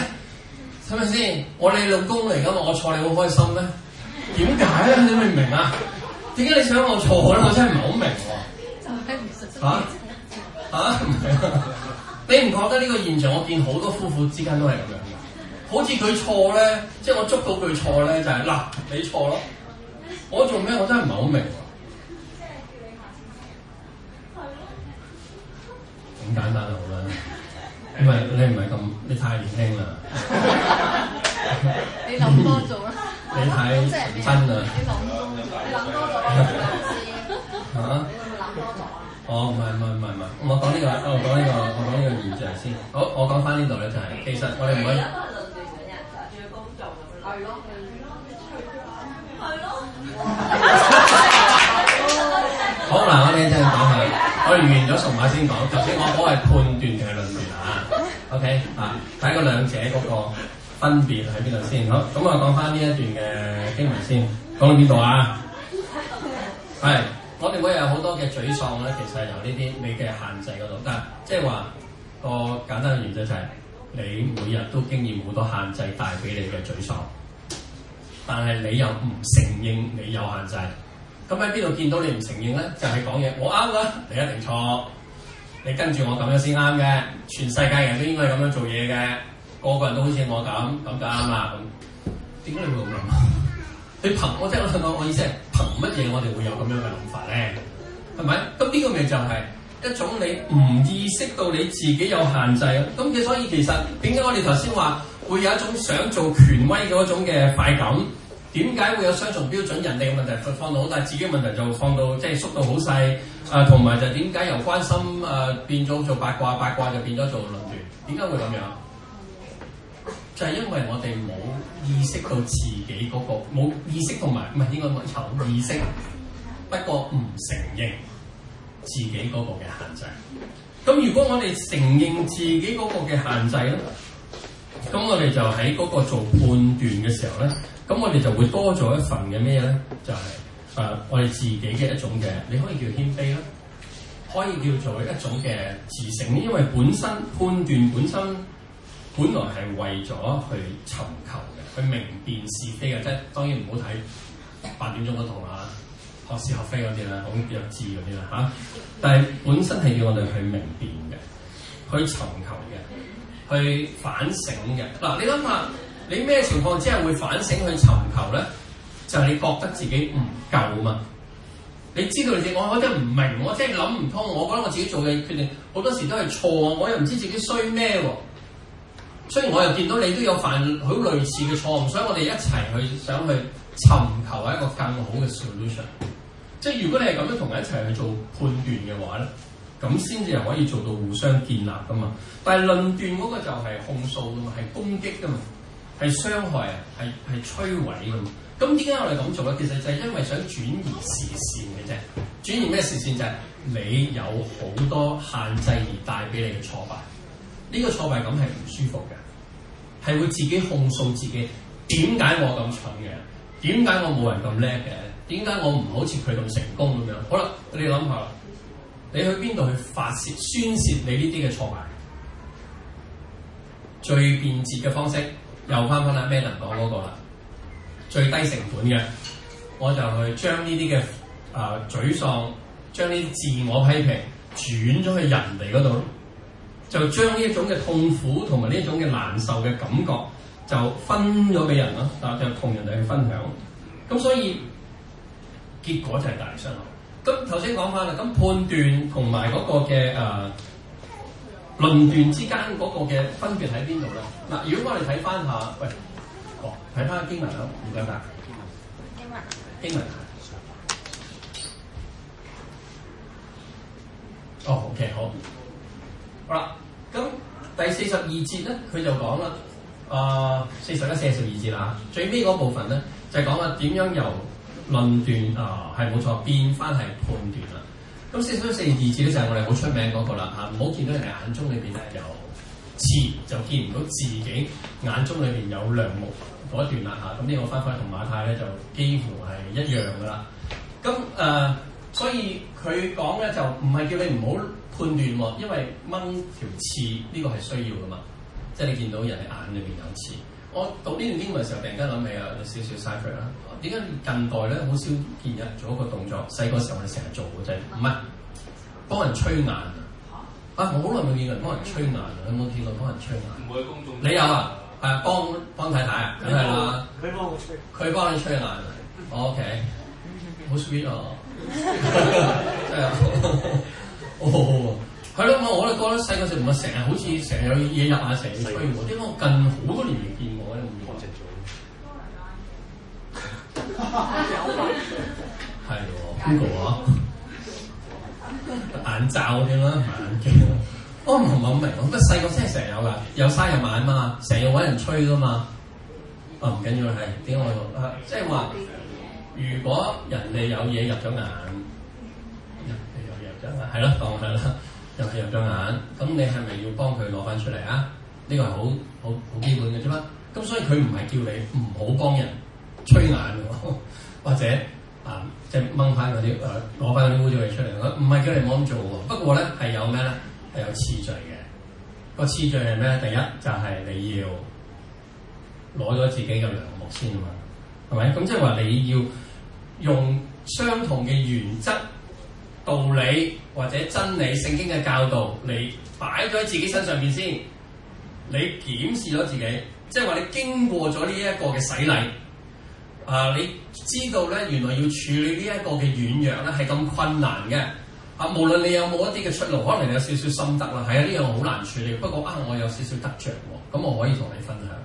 係咪先？我哋老公嚟噶嘛，我錯你好開心咩？點解咧？你明唔明啊？點解你想我錯咧？我真係唔係好明喎，嚇嚇，你唔覺得呢個現象？我見好多夫婦之間都係咁樣好似佢錯咧，即係我捉到佢錯咧，就係嗱你錯咯。 我做咩？我真係唔係好明。咁 簡單就好啦。因為你唔係咁，你太年輕啦。 你諗多咗。你睇真啊？你諗多咗，你諗多咗啊？嚇、哦？你會諗多咗啊？我唔係唔係唔係唔係，我講呢個，我講呢個，我講呢個現象先。好、 哦，我講翻呢度咧，就係其實我哋唔可以。 係咯，係咯， 好嗱，我哋聽真講下，我哋完咗十碼先講。頭先我我係判斷定係論斷啊？OK， 啊，睇個兩者嗰個分別喺邊度先？好，咁我講翻呢一段嘅經文先。講到邊度啊？係，我哋每日有好多嘅沮喪咧，其實係由呢啲美嘅限制嗰度但。即係話個簡單嘅原則就係、是，你每日都經驗好多限制帶俾你嘅沮喪。但係你又唔承認你有限制，咁喺邊度見到你唔承認咧？就係講嘢我啱啦、啊，你一定錯，你跟住我咁樣先啱嘅。全世界人都應該係咁樣做嘢嘅，個個人都好似我咁，咁就啱啦。咁點解你會咁諗啊？ 你憑我即我想講，是是我意思係憑乜嘢我哋會有咁樣嘅諗法咧？係咪？咁呢個咪就係一種你唔意識到你自己有限制咯。咁佢所以其實點解我哋頭先話？會有一種想做權威嗰種嘅快感，點解會有雙重標準？人哋嘅問題放到好大，自己嘅問題就放到即係縮到好細。誒、就是，同、呃、埋就點解由關心誒、呃、變咗做八卦，八卦就變咗做論斷？點解會咁樣？就係、是、因為我哋冇意識到自己嗰、那個冇意識，同埋唔係應該冇有意識，不過唔承認自己嗰個嘅限制。咁如果我哋承認自己嗰個嘅限制咧？咁我哋就喺嗰做判斷嘅時候咧，咁我哋就會多咗一份嘅咩咧？就係、是、誒、呃、我哋自己嘅一種嘅，你可以叫謙卑啦，可以叫做一種嘅自省，因為本身判斷本身本來係為咗去尋求嘅，去明辨是非嘅。啫，當然唔好睇八點鐘嗰套啦，學是學非啲啦，講弱智啲啦吓，但係本身係要我哋去明辨嘅，去尋求。去反省嘅。嗱，你諗下，你咩情況之下會反省去尋求咧？就係、是、你覺得自己唔夠嘛？你知道你自己，我即係唔明，我即係諗唔通。我覺得我自己做嘅決定好多時都係錯，我又唔知自己衰咩喎。所以我又見到你都有犯好類似嘅錯誤，所以我哋一齊去想去尋求一個更好嘅 solution。即係如果你係咁樣同我一齊去做判斷嘅話咧。咁先至係可以做到互相建立噶嘛，但係論斷嗰個就係控訴噶嘛，係攻擊噶嘛，係傷害啊，係係摧毀噶嘛。咁點解我哋咁做咧？其實就係因為想轉移視線嘅啫。轉移咩視線？就係你有好多限制而帶俾你嘅挫敗，呢個挫敗感係唔舒服嘅，係會自己控訴自己。點解我咁蠢嘅？點解我冇人咁叻嘅？點解我唔好似佢咁成功咁樣？好啦，你諗下啦。你去邊度去發泄宣泄你呢啲嘅挫敗？最便捷嘅方式又翻返啦咩人講嗰個啦？最低成本嘅，我就去將呢啲嘅啊沮喪，將呢啲自我批評轉咗去人哋嗰度咯，就將呢一種嘅痛苦同埋呢一種嘅難受嘅感覺就、啊，就分咗俾人咯，就同人哋去分享。咁所以結果就係大傷害。咁頭先講翻啦，咁判斷同埋嗰個嘅誒論斷之間嗰個嘅分別喺邊度咧？嗱，如果我哋睇翻下，喂，哦，睇翻經文啦，唔該曬。經文，經文。哦，OK，好。好啦，咁第四十二節咧，佢就講啦，誒、呃，四十一四十二節啦嚇，最尾嗰部分咧，就講話點樣由。論斷啊，係冇、哦、錯，變翻係判斷啦。咁四出四二字咧就係我哋好出名嗰個啦嚇，唔好見到人哋眼中裏邊咧有刺，就見唔到自己眼中裏邊有樑木嗰一段啦嚇。咁呢個翻返同馬太咧就幾乎係一樣噶啦。咁、啊、誒，所以佢講咧就唔係叫你唔好判斷喎，因為掹條刺呢、這個係需要噶嘛、啊啊這個啊，即係你見到人哋眼裏邊有刺。我讀呢段經文嘅時候，突然間諗起有少少 c i p h e 啦。點解近代咧好少見人做一個動作？細個時候我哋成日做嘅就係唔係幫人吹眼啊？啊！我好耐冇見人幫人吹眼啦！有冇見過幫人吹眼？唔會公眾。你有啊？係、啊、幫幫太太、梗係、啊？梗係啦。你幫我吹。佢幫你吹眼。啊、o、okay, K。好 sweet 啊！真係的。哦，係咯。我哋覺得細個時唔係成日好似成日有嘢入下成日吹我，點解我近好多年未見？係喎，邊個啊？眼罩添啦，眼、啊、鏡。我唔係好明，我覺得細個真係成日有噶，有生日買啊嘛，成日揾人吹噶嘛。啊，唔緊要，係點解我喺度？即係話，如果人哋有嘢入咗眼，是的 有入入入咗眼，係咯，放佢啦。入入入咗眼，咁你係咪要幫佢攞翻出嚟啊？呢、這個係好好好，好基本嘅啫嘛。咁所以佢唔係叫你唔好幫人，人。吹眼喎，或者啊，即係掹翻嗰啲，攞翻啲污糟嘢出嚟。唔係叫你唔好咁做喎。不過咧，係有咩咧？係有次序嘅。個次序係咩？第一就係、是、你要攞咗自己嘅梁木先啊嘛。係咪？咁、嗯、即係話你要用相同嘅原則、道理或者真理、聖經嘅教導你擺咗喺自己身上邊先。你檢視咗自己，即係話你經過咗呢一個嘅洗禮。啊！你知道咧，原來要處理呢一個嘅軟弱咧，係咁困難嘅。啊，無論你有冇一啲嘅出路，可能你有少少心得啦。係啊，呢樣好難處理。不過啊，我有少少得着喎，咁、啊嗯、我可以同你分享，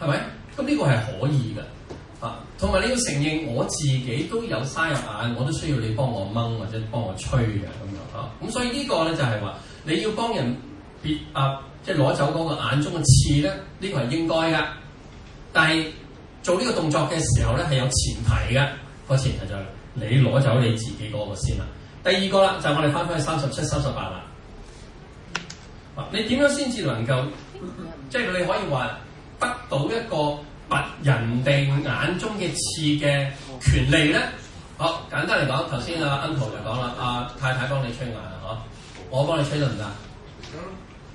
係咪？咁、嗯、呢、這個係可以嘅。啊，同埋你要承認我自己都有沙入眼，我都需要你幫我掹或者幫我吹嘅咁樣啊。咁、嗯、所以個呢個咧就係、是、話，你要幫人別壓，即係攞走嗰個眼中嘅刺咧，呢、這個係應該嘅。但係，做呢個動作嘅時候咧，係有前提嘅，個前提就係你攞走你自己嗰個先啦。第二個啦，就係、我哋翻返去三十七、三十八啦。嗱，你點樣先至能夠，即係你可以話得到一個拔人哋眼中嘅刺嘅權利咧？好簡單嚟講，頭先阿 Uncle 就講啦，阿、啊、太太幫你吹眼啦、啊，我幫你吹得唔得？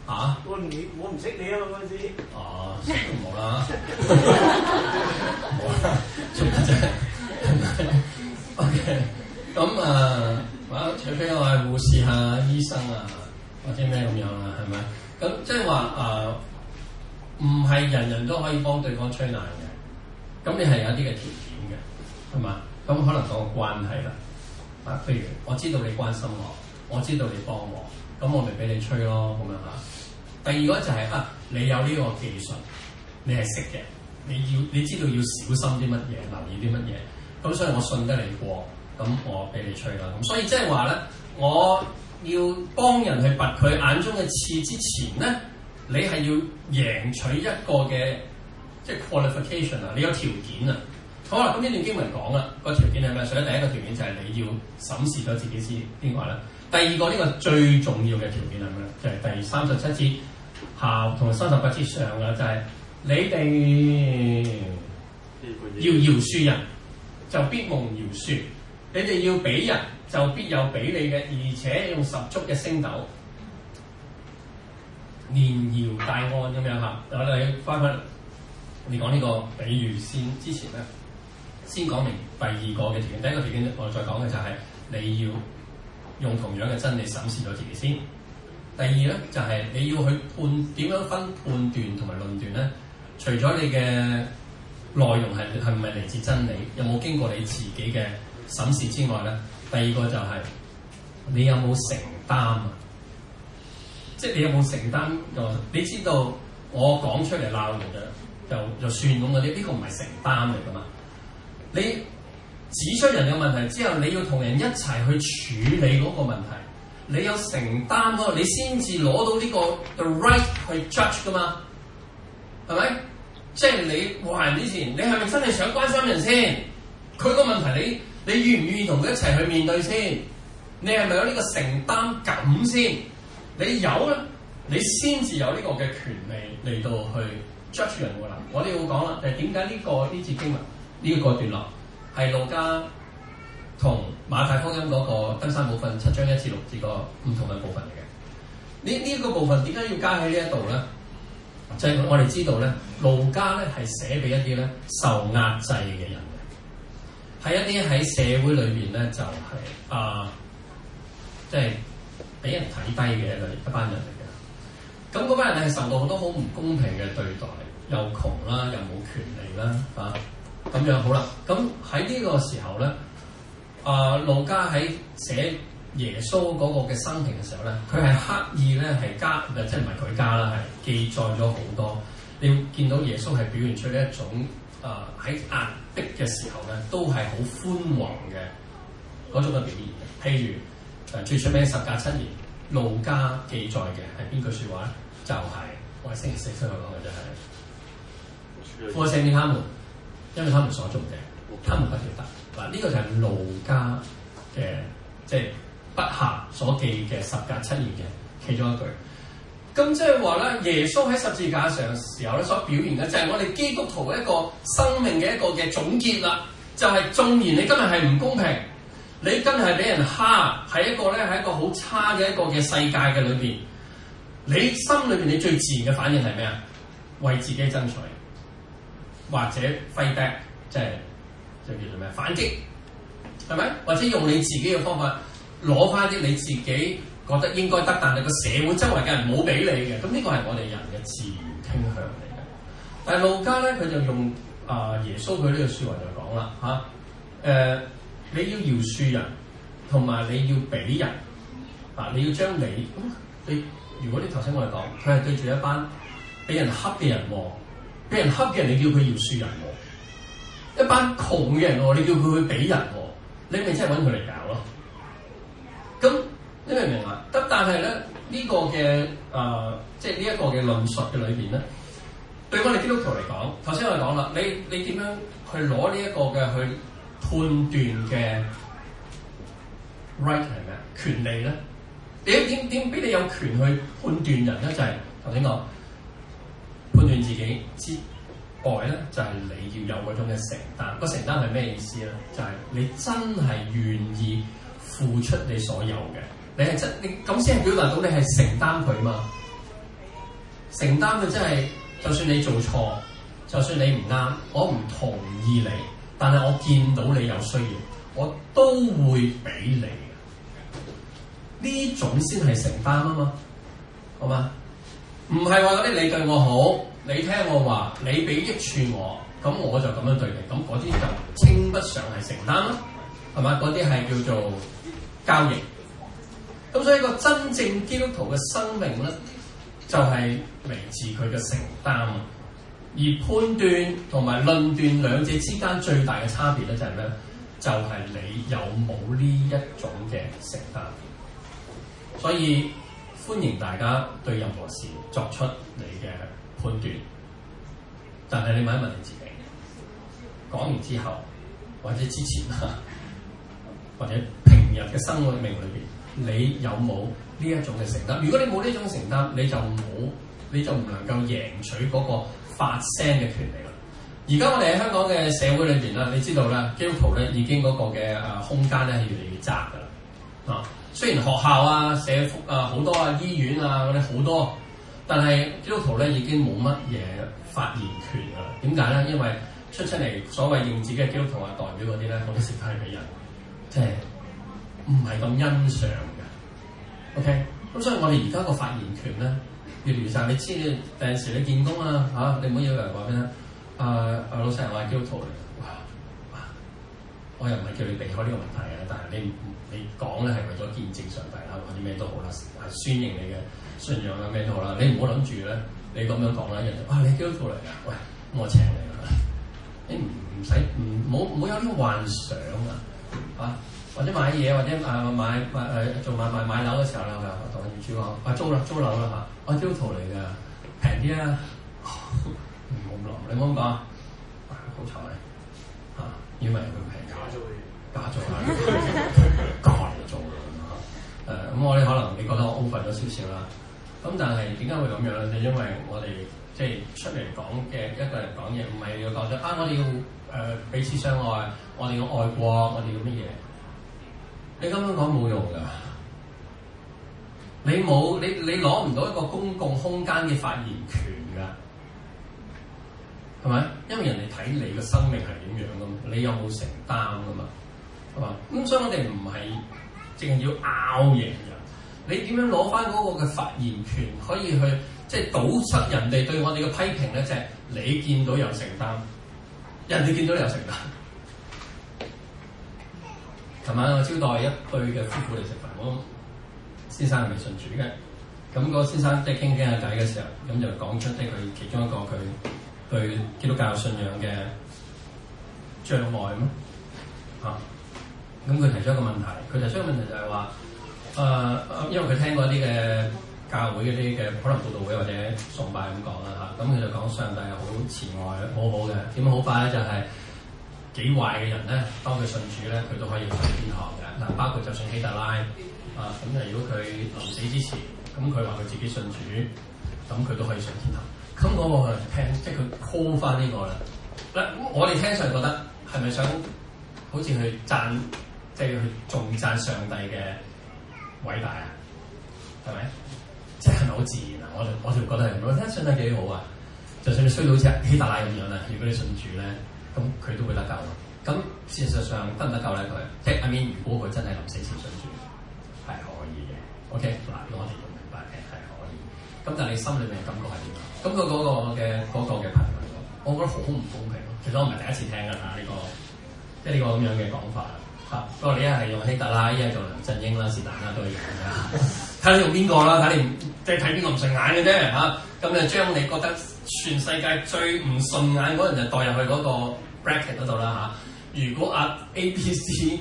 嚇、啊！我唔，我唔識你啊嘛嗰陣時。哦，冇啦、啊。好啦，吹耳仔。OK，咁啊，除非我係護士下、啊、醫生啊或者咩咁樣啦，係咪？咁即係話啊，唔係、呃、人人都可以幫對方吹難嘅。咁你係有啲嘅條件嘅，係嘛？咁可能個關係啦。啊，譬如我知道你關心我。我知道你幫我，咁我咪俾你吹咯，咁樣吓。第二個就係啊，你有呢個技術，你係識嘅，你要你知道要小心啲乜嘢，留意啲乜嘢，咁所以我信得你過，咁我俾你吹啦。咁所以即係話咧，我要幫人去拔佢眼中嘅刺之前咧，你係要贏取一個嘅即係 qualification 啊，你有條件啊。好啦，咁呢段經文講啦，個條件係咩？所以第一個條件就係你要審視咗自己先，邊個話咧。第二個呢、這個最重要嘅條件係咩咧？就係、是、第三十七節下同三十八節上嘅，就係、是、你哋要饒恕人，就必蒙饒恕；你哋要俾人，就必有俾你嘅，而且用十足嘅升斗連搖帶按咁樣嚇。我哋翻返嚟講呢個比喻先，之前咧先講明第二個嘅條件。第一個條件我哋再講嘅就係、是、你要。用同樣嘅真理審視咗自己先。第二咧就係、是、你要去判點樣分判斷同埋論斷咧，除咗你嘅內容係係唔係嚟自真理，有冇經過你自己嘅審視之外咧，第二個就係、是、你有冇承擔？即係你有冇承擔？又你知道我講出嚟鬧人嘅，就就算咁嘅，呢、這個唔係承擔嚟㗎嘛？你指出人有問題之後，你要同人一齊去處理嗰個問題。你有承擔嗰個，你先至攞到呢個 the right 去 judge 噶嘛？係咪？即係你話人之前，你係咪真係想關心人先？佢個問題你，你你願唔願意同佢一齊去面對先？你係咪有呢個承擔感先？你有咧，你先至有呢個嘅權利嚟到去 judge 人㗎啦。我哋要講啦，就係點解呢個呢節經文呢一個段落？係路加同馬太福音嗰個登山部分七章一至六節個唔同嘅部分嚟嘅。呢呢個部分點解要加喺呢一度咧？就係、是、我哋知道咧，路加咧係寫俾一啲咧受壓制嘅人嘅，係一啲喺社會裏面咧就係、是、啊，即係俾人睇低嘅一類一班人嚟嘅。咁嗰班人係受到好多好唔公平嘅對待，又窮啦，又冇權利啦，嚇、啊。咁樣好啦，咁喺呢個時候咧，啊、呃、路加喺寫耶穌嗰個嘅生平嘅時候咧，佢係刻意咧係加，唔即係唔係佢加啦，係記載咗好多。你會見到耶穌係表現出一種啊喺壓迫嘅時候咧，都係好寬宏嘅嗰種嘅表現。譬如啊最出名十架七年路加記載嘅係邊句說話咧？就係、是、我、哎、星期四出去講嘅就係、是。我星期三。因為，他們所做嘅，他們不值得。嗱，呢個就係路加嘅，即係筆下所記嘅十架七言嘅其中一句。咁即係話咧，耶穌喺十字架上時候咧所表現嘅就係我哋基督徒一個生命嘅一個嘅總結啦。就係縱然你今日係唔公平，你今日係俾人蝦，喺一個咧喺一個好差嘅一個嘅世界嘅裏邊，你心裏邊你最自然嘅反應係咩啊？為自己爭取。或者 fight back 即係就叫做咩？反擊，係咪？或者用你自己嘅方法攞翻啲你自己覺得應該得，但係個社會周圍嘅人冇俾你嘅，咁呢個係我哋人嘅自然傾向嚟嘅。但係路加咧，佢就用啊、呃、耶穌佢呢個説話就講啦吓，誒，你要饒恕人，同埋你要俾人啊，你要將你、嗯、你。如果你頭先我哋講，佢係對住一班俾人恰嘅人喎。俾人恰嘅人，你叫佢要恕人喎；一班窮嘅人喎，你叫佢去俾人喎，你咪真係揾佢嚟搞咯。咁你明唔明啊？咁但係咧呢、這個嘅誒，即係呢一個嘅論述嘅裏邊咧，對我哋基督徒嚟講，頭先我哋講啦，你你點樣去攞呢一個嘅去判斷嘅 right 係咩？權利咧？點點點俾你有權去判斷人咧？就係頭先我。判斷自己之外咧，就係你要有嗰種嘅承擔。個承擔係咩意思咧？就係你真係願意付出你所有嘅。你係真，你咁先係表達到你係承擔佢嘛。承擔佢真係，就算你做錯，就算你唔啱，我唔同意你，但係我見到你有需要，我都會俾你。呢種先係承擔啊嘛，好嘛？唔係話嗰啲你對我好，你聽我話，你俾益處我，咁我就咁樣對你，咁嗰啲就稱不上係承擔啦，係咪？嗰啲係叫做交易。咁所以一個真正基督徒嘅生命咧，就係來自佢嘅承擔。而判斷同埋論斷兩者之間最大嘅差別咧，就係咩？就係你有冇呢一種嘅承擔。所以。歡迎大家對任何事作出你嘅判斷，但係你問一問你自己，講完之後或者之前啊，或者平日嘅生活命裏邊，你有冇呢一種嘅承擔？如果你冇呢種承擔，你就冇，你就唔能夠贏取嗰個發聲嘅權利啦。而家我哋喺香港嘅社會裏邊啦，你知道啦，基督徒咧已經嗰個嘅誒空間咧係越嚟越窄㗎啦，啊！雖然學校啊、社福啊、好多啊、醫院啊嗰啲好多，但係基督徒咧已經冇乜嘢發言權啦。點解咧？因為出出嚟所謂認自己係基督徒啊，代表嗰啲咧，好多時都係俾人即係唔係咁欣賞嘅。OK，咁所以我哋而家個發言權咧越嚟越窄。你知你第時你見工啊，嚇，你唔好以為話咩啊，啊老細我係基督徒嚟，哇！我又唔係叫你避開呢個問題啊，但係你你講咧係為咗見證上大帝啊，或者咩都好啦，宣認你嘅信仰啦，咩都好啦。你唔好諗住咧，你咁樣講咧，人哋話你基督徒嚟㗎，喂，咁我請你啦。你唔使唔好，冇有啲幻想啊？啊，或者買嘢，或者買買買做買買買樓嘅時候啦，我同阿業主講，買租啦、呃呃啊，租樓啦嚇。我基督徒嚟㗎，平啲啊！冇咁攬，你安唔安？好慘啊！因為佢平，ONE Joo 加咗嘅，加咗野101 das 我哋可能你覺得我 over 咗少少啦，咁但係點解會咁樣咧？就因為我哋即係出嚟講嘅一個人講嘢，唔係要講咗啊！我哋要誒彼此相愛，我哋要愛國，我哋要乜嘢？你咁樣講冇用噶，你冇你你攞唔到一個公共空間嘅發言權噶，係咪？因為人哋睇你嘅生命係點樣噶嘛，你有冇承擔噶嘛？係嘛？咁所以我哋唔係淨係要拗嘢。你點樣攞翻嗰個嘅發言權，可以去即係、就是、堵塞人哋對我哋嘅批評咧？就係、是、你見到又承擔，人哋見到你又承擔。琴 晚我招待一對嘅夫婦嚟食飯，我先生係未信主嘅，咁、那、嗰個先生即係傾傾下偈嘅時候，咁就講出咧佢其中一個佢對基督教信仰嘅障礙咯。啊，咁佢提出一個問題，佢提出問題就係話。誒、呃、因為佢聽過啲嘅教會嗰啲嘅可能佈道會或者崇拜咁講啦嚇，咁、嗯、佢就講上帝係好慈愛好好嘅，點樣好快咧？就係幾壞嘅人咧，當佢信主咧，佢都可以上天堂嘅。嗱，包括就算希特拉啊，咁、嗯、啊、嗯，如果佢臨死之前，咁佢話佢自己信主，咁佢都可以上天堂。咁嗰個聽，即係佢 call 翻呢個啦。嗱，我哋聽上嚟覺得係咪想好似去贊，即、就、係、是、去重贊上帝嘅？偉大啊，係咪？真係好自然啊！我就我仲覺得係，我覺得信得幾好啊！就算你衰到似希特拉咁樣啦，如果你信主咧，咁佢都會得救咯、啊。咁事實上得唔得救咧？佢即係 mean，如果佢真係臨死前信主，係可以嘅。OK，嗱，我哋明白嘅係可以。咁但係你心裏面嘅感覺係點啊？咁佢嗰個嘅嗰個嘅平衡，我覺得好唔公平咯。其實我唔係第一次聽啊，呢、呢個即係呢個咁樣嘅講法。不過、啊、你一係用希特拉，依一係用梁振英啦，是大家都贏噶。睇、啊、你用邊個啦？睇你即係睇邊個唔順眼嘅啫嚇。咁就將你覺得全世界最唔順眼嗰人就代入去嗰個 Bracket 嗰度啦嚇、啊。如果阿 A、B、C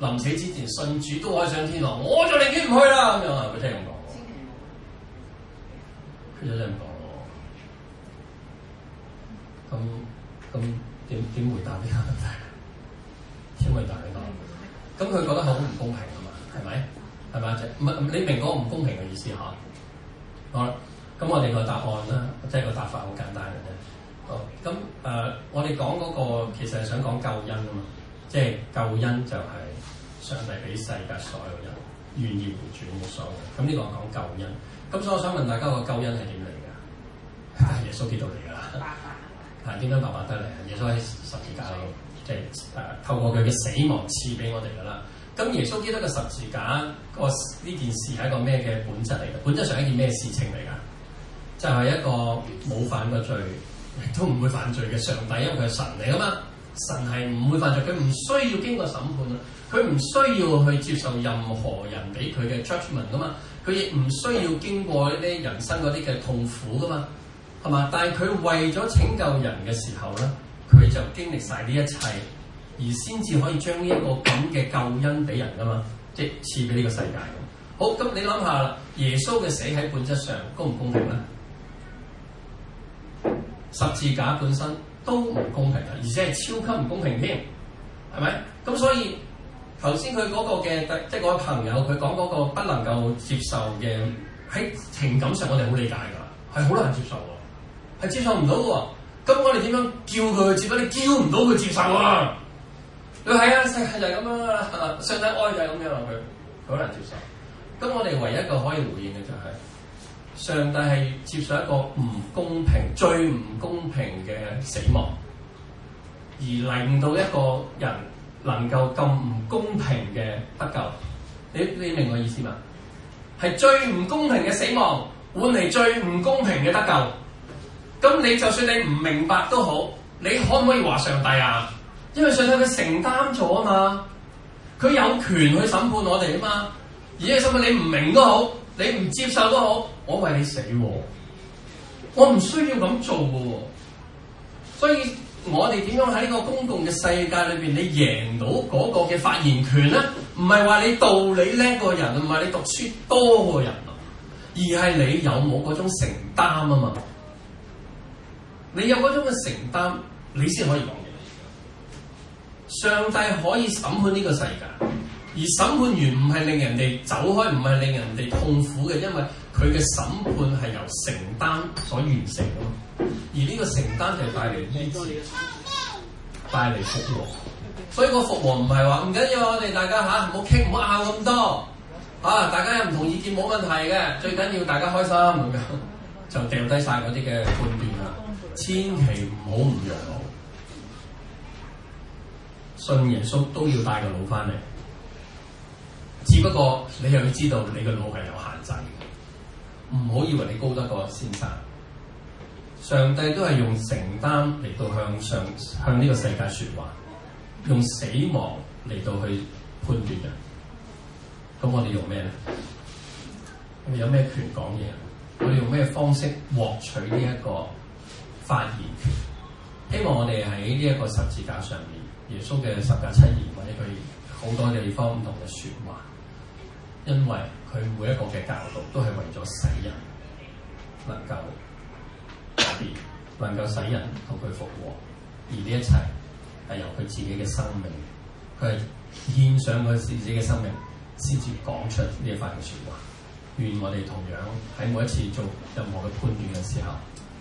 臨死之前信主都可以上天堂，我就寧願唔去啦。咁樣係咪聽咁講？聽咁講喎。咁咁點點回答呢個問題？點、啊、回答？啊咁佢覺得好唔公平啊嘛，係咪？係咪啊？唔係，你明嗰個唔公平嘅意思吓？好啦，咁我哋個答案啦，即係個答法好簡單嘅啫。好，咁誒，我哋講嗰個其實係想講救恩啊嘛，即係救恩就係上帝俾世界所有人願意回轉冇所謂。咁呢個講救恩。咁所以我想問大家個救恩係點嚟㗎？ 耶穌基督嚟㗎。啊？點解白白得嚟？耶穌喺十字架度。即係誒，透過佢嘅死亡賜俾我哋噶啦。咁耶穌基督嘅十字架，個呢件事係一個咩嘅本質嚟嘅？本質上係一件咩事情嚟㗎？就係、是、一個冇犯過罪，亦都唔會犯罪嘅上帝，因為佢係神嚟啊嘛。神係唔會犯罪，佢唔需要經過審判啊，佢唔需要去接受任何人俾佢嘅 judgment 㗎嘛。佢亦唔需要經過呢啲人生嗰啲嘅痛苦㗎嘛，係嘛？但係佢為咗拯救人嘅時候咧。就經歷晒呢一切，而先至可以將呢一個咁嘅救恩俾人噶嘛，即係賜俾呢個世界。好，咁你諗下，耶穌嘅死喺本質上公唔公平咧？十字架本身都唔公平嘅，而且係超級唔公平添，係咪？咁所以頭先佢嗰個嘅即係我朋友佢講嗰個不能夠接受嘅喺情感上，我哋好理解㗎，係好難接受喎，係接受唔到㗎喎。咁我哋點樣叫佢去接受？你叫唔到佢接受啊！佢係啊，世界就係咁啦，上帝愛就係咁樣啊！佢，好難接受。咁我哋唯一一個可以回應嘅就係、是，上帝係接受一個唔公平、最唔公平嘅死亡，而令到一個人能夠咁唔公平嘅得救。你你明我意思嘛？係最唔公平嘅死亡換嚟最唔公平嘅得救。咁你就算你唔明白都好，你可唔可以話上帝啊？因為上帝佢承擔咗啊嘛，佢有權去審判我哋啊嘛，而且甚至你唔明都好，你唔接受都好，我為你死我，我唔需要咁做嘅。所以我哋點樣喺呢個公共嘅世界裏邊，你贏到嗰個嘅發言權咧，唔係話你道理叻過人，唔係你讀書多過人，而係你有冇嗰種承擔啊嘛。你有嗰種嘅承擔，你先可以講嘢。上帝可以審判呢個世界，而審判員唔係令人哋走開，唔係令人哋痛苦嘅，因為佢嘅審判係由承擔所完成㗎。而呢個承擔係帶嚟乜嘢？帶嚟復和。所以個復和唔係話唔緊要，我哋大家吓，唔好傾，唔好拗咁多啊！大家有唔同意見冇問題嘅，最緊要大家開心咁樣， 就掉低晒嗰啲嘅判斷。千祈唔好唔用腦，信耶穌都要帶個腦翻嚟。只不過你又要知道你個腦係有限制，唔好以為你高得過先生。上帝都係用承擔嚟到向上向呢個世界說話，用死亡嚟到去判斷嘅。咁我哋用咩咧？我哋有咩權講嘢？我哋用咩方式獲取呢一個？發言權，希望我哋喺呢一個十字架上面，耶穌嘅十架七言，或者佢好多地方唔同嘅說話，因為佢每一個嘅教導都係為咗使人能夠改變，能夠使人同佢復活，而呢一切係由佢自己嘅生命，佢係獻上佢自己嘅生命先至講出呢一番嘅說話，願我哋同樣喺每一次做任何嘅判斷嘅時候，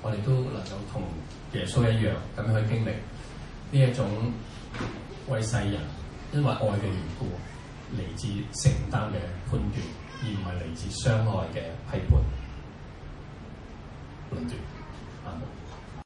我哋都能夠同耶穌一樣咁去經歷呢一種為世人因為愛嘅緣故嚟自承擔嘅判斷，而唔係嚟自傷害嘅批判論斷。判斷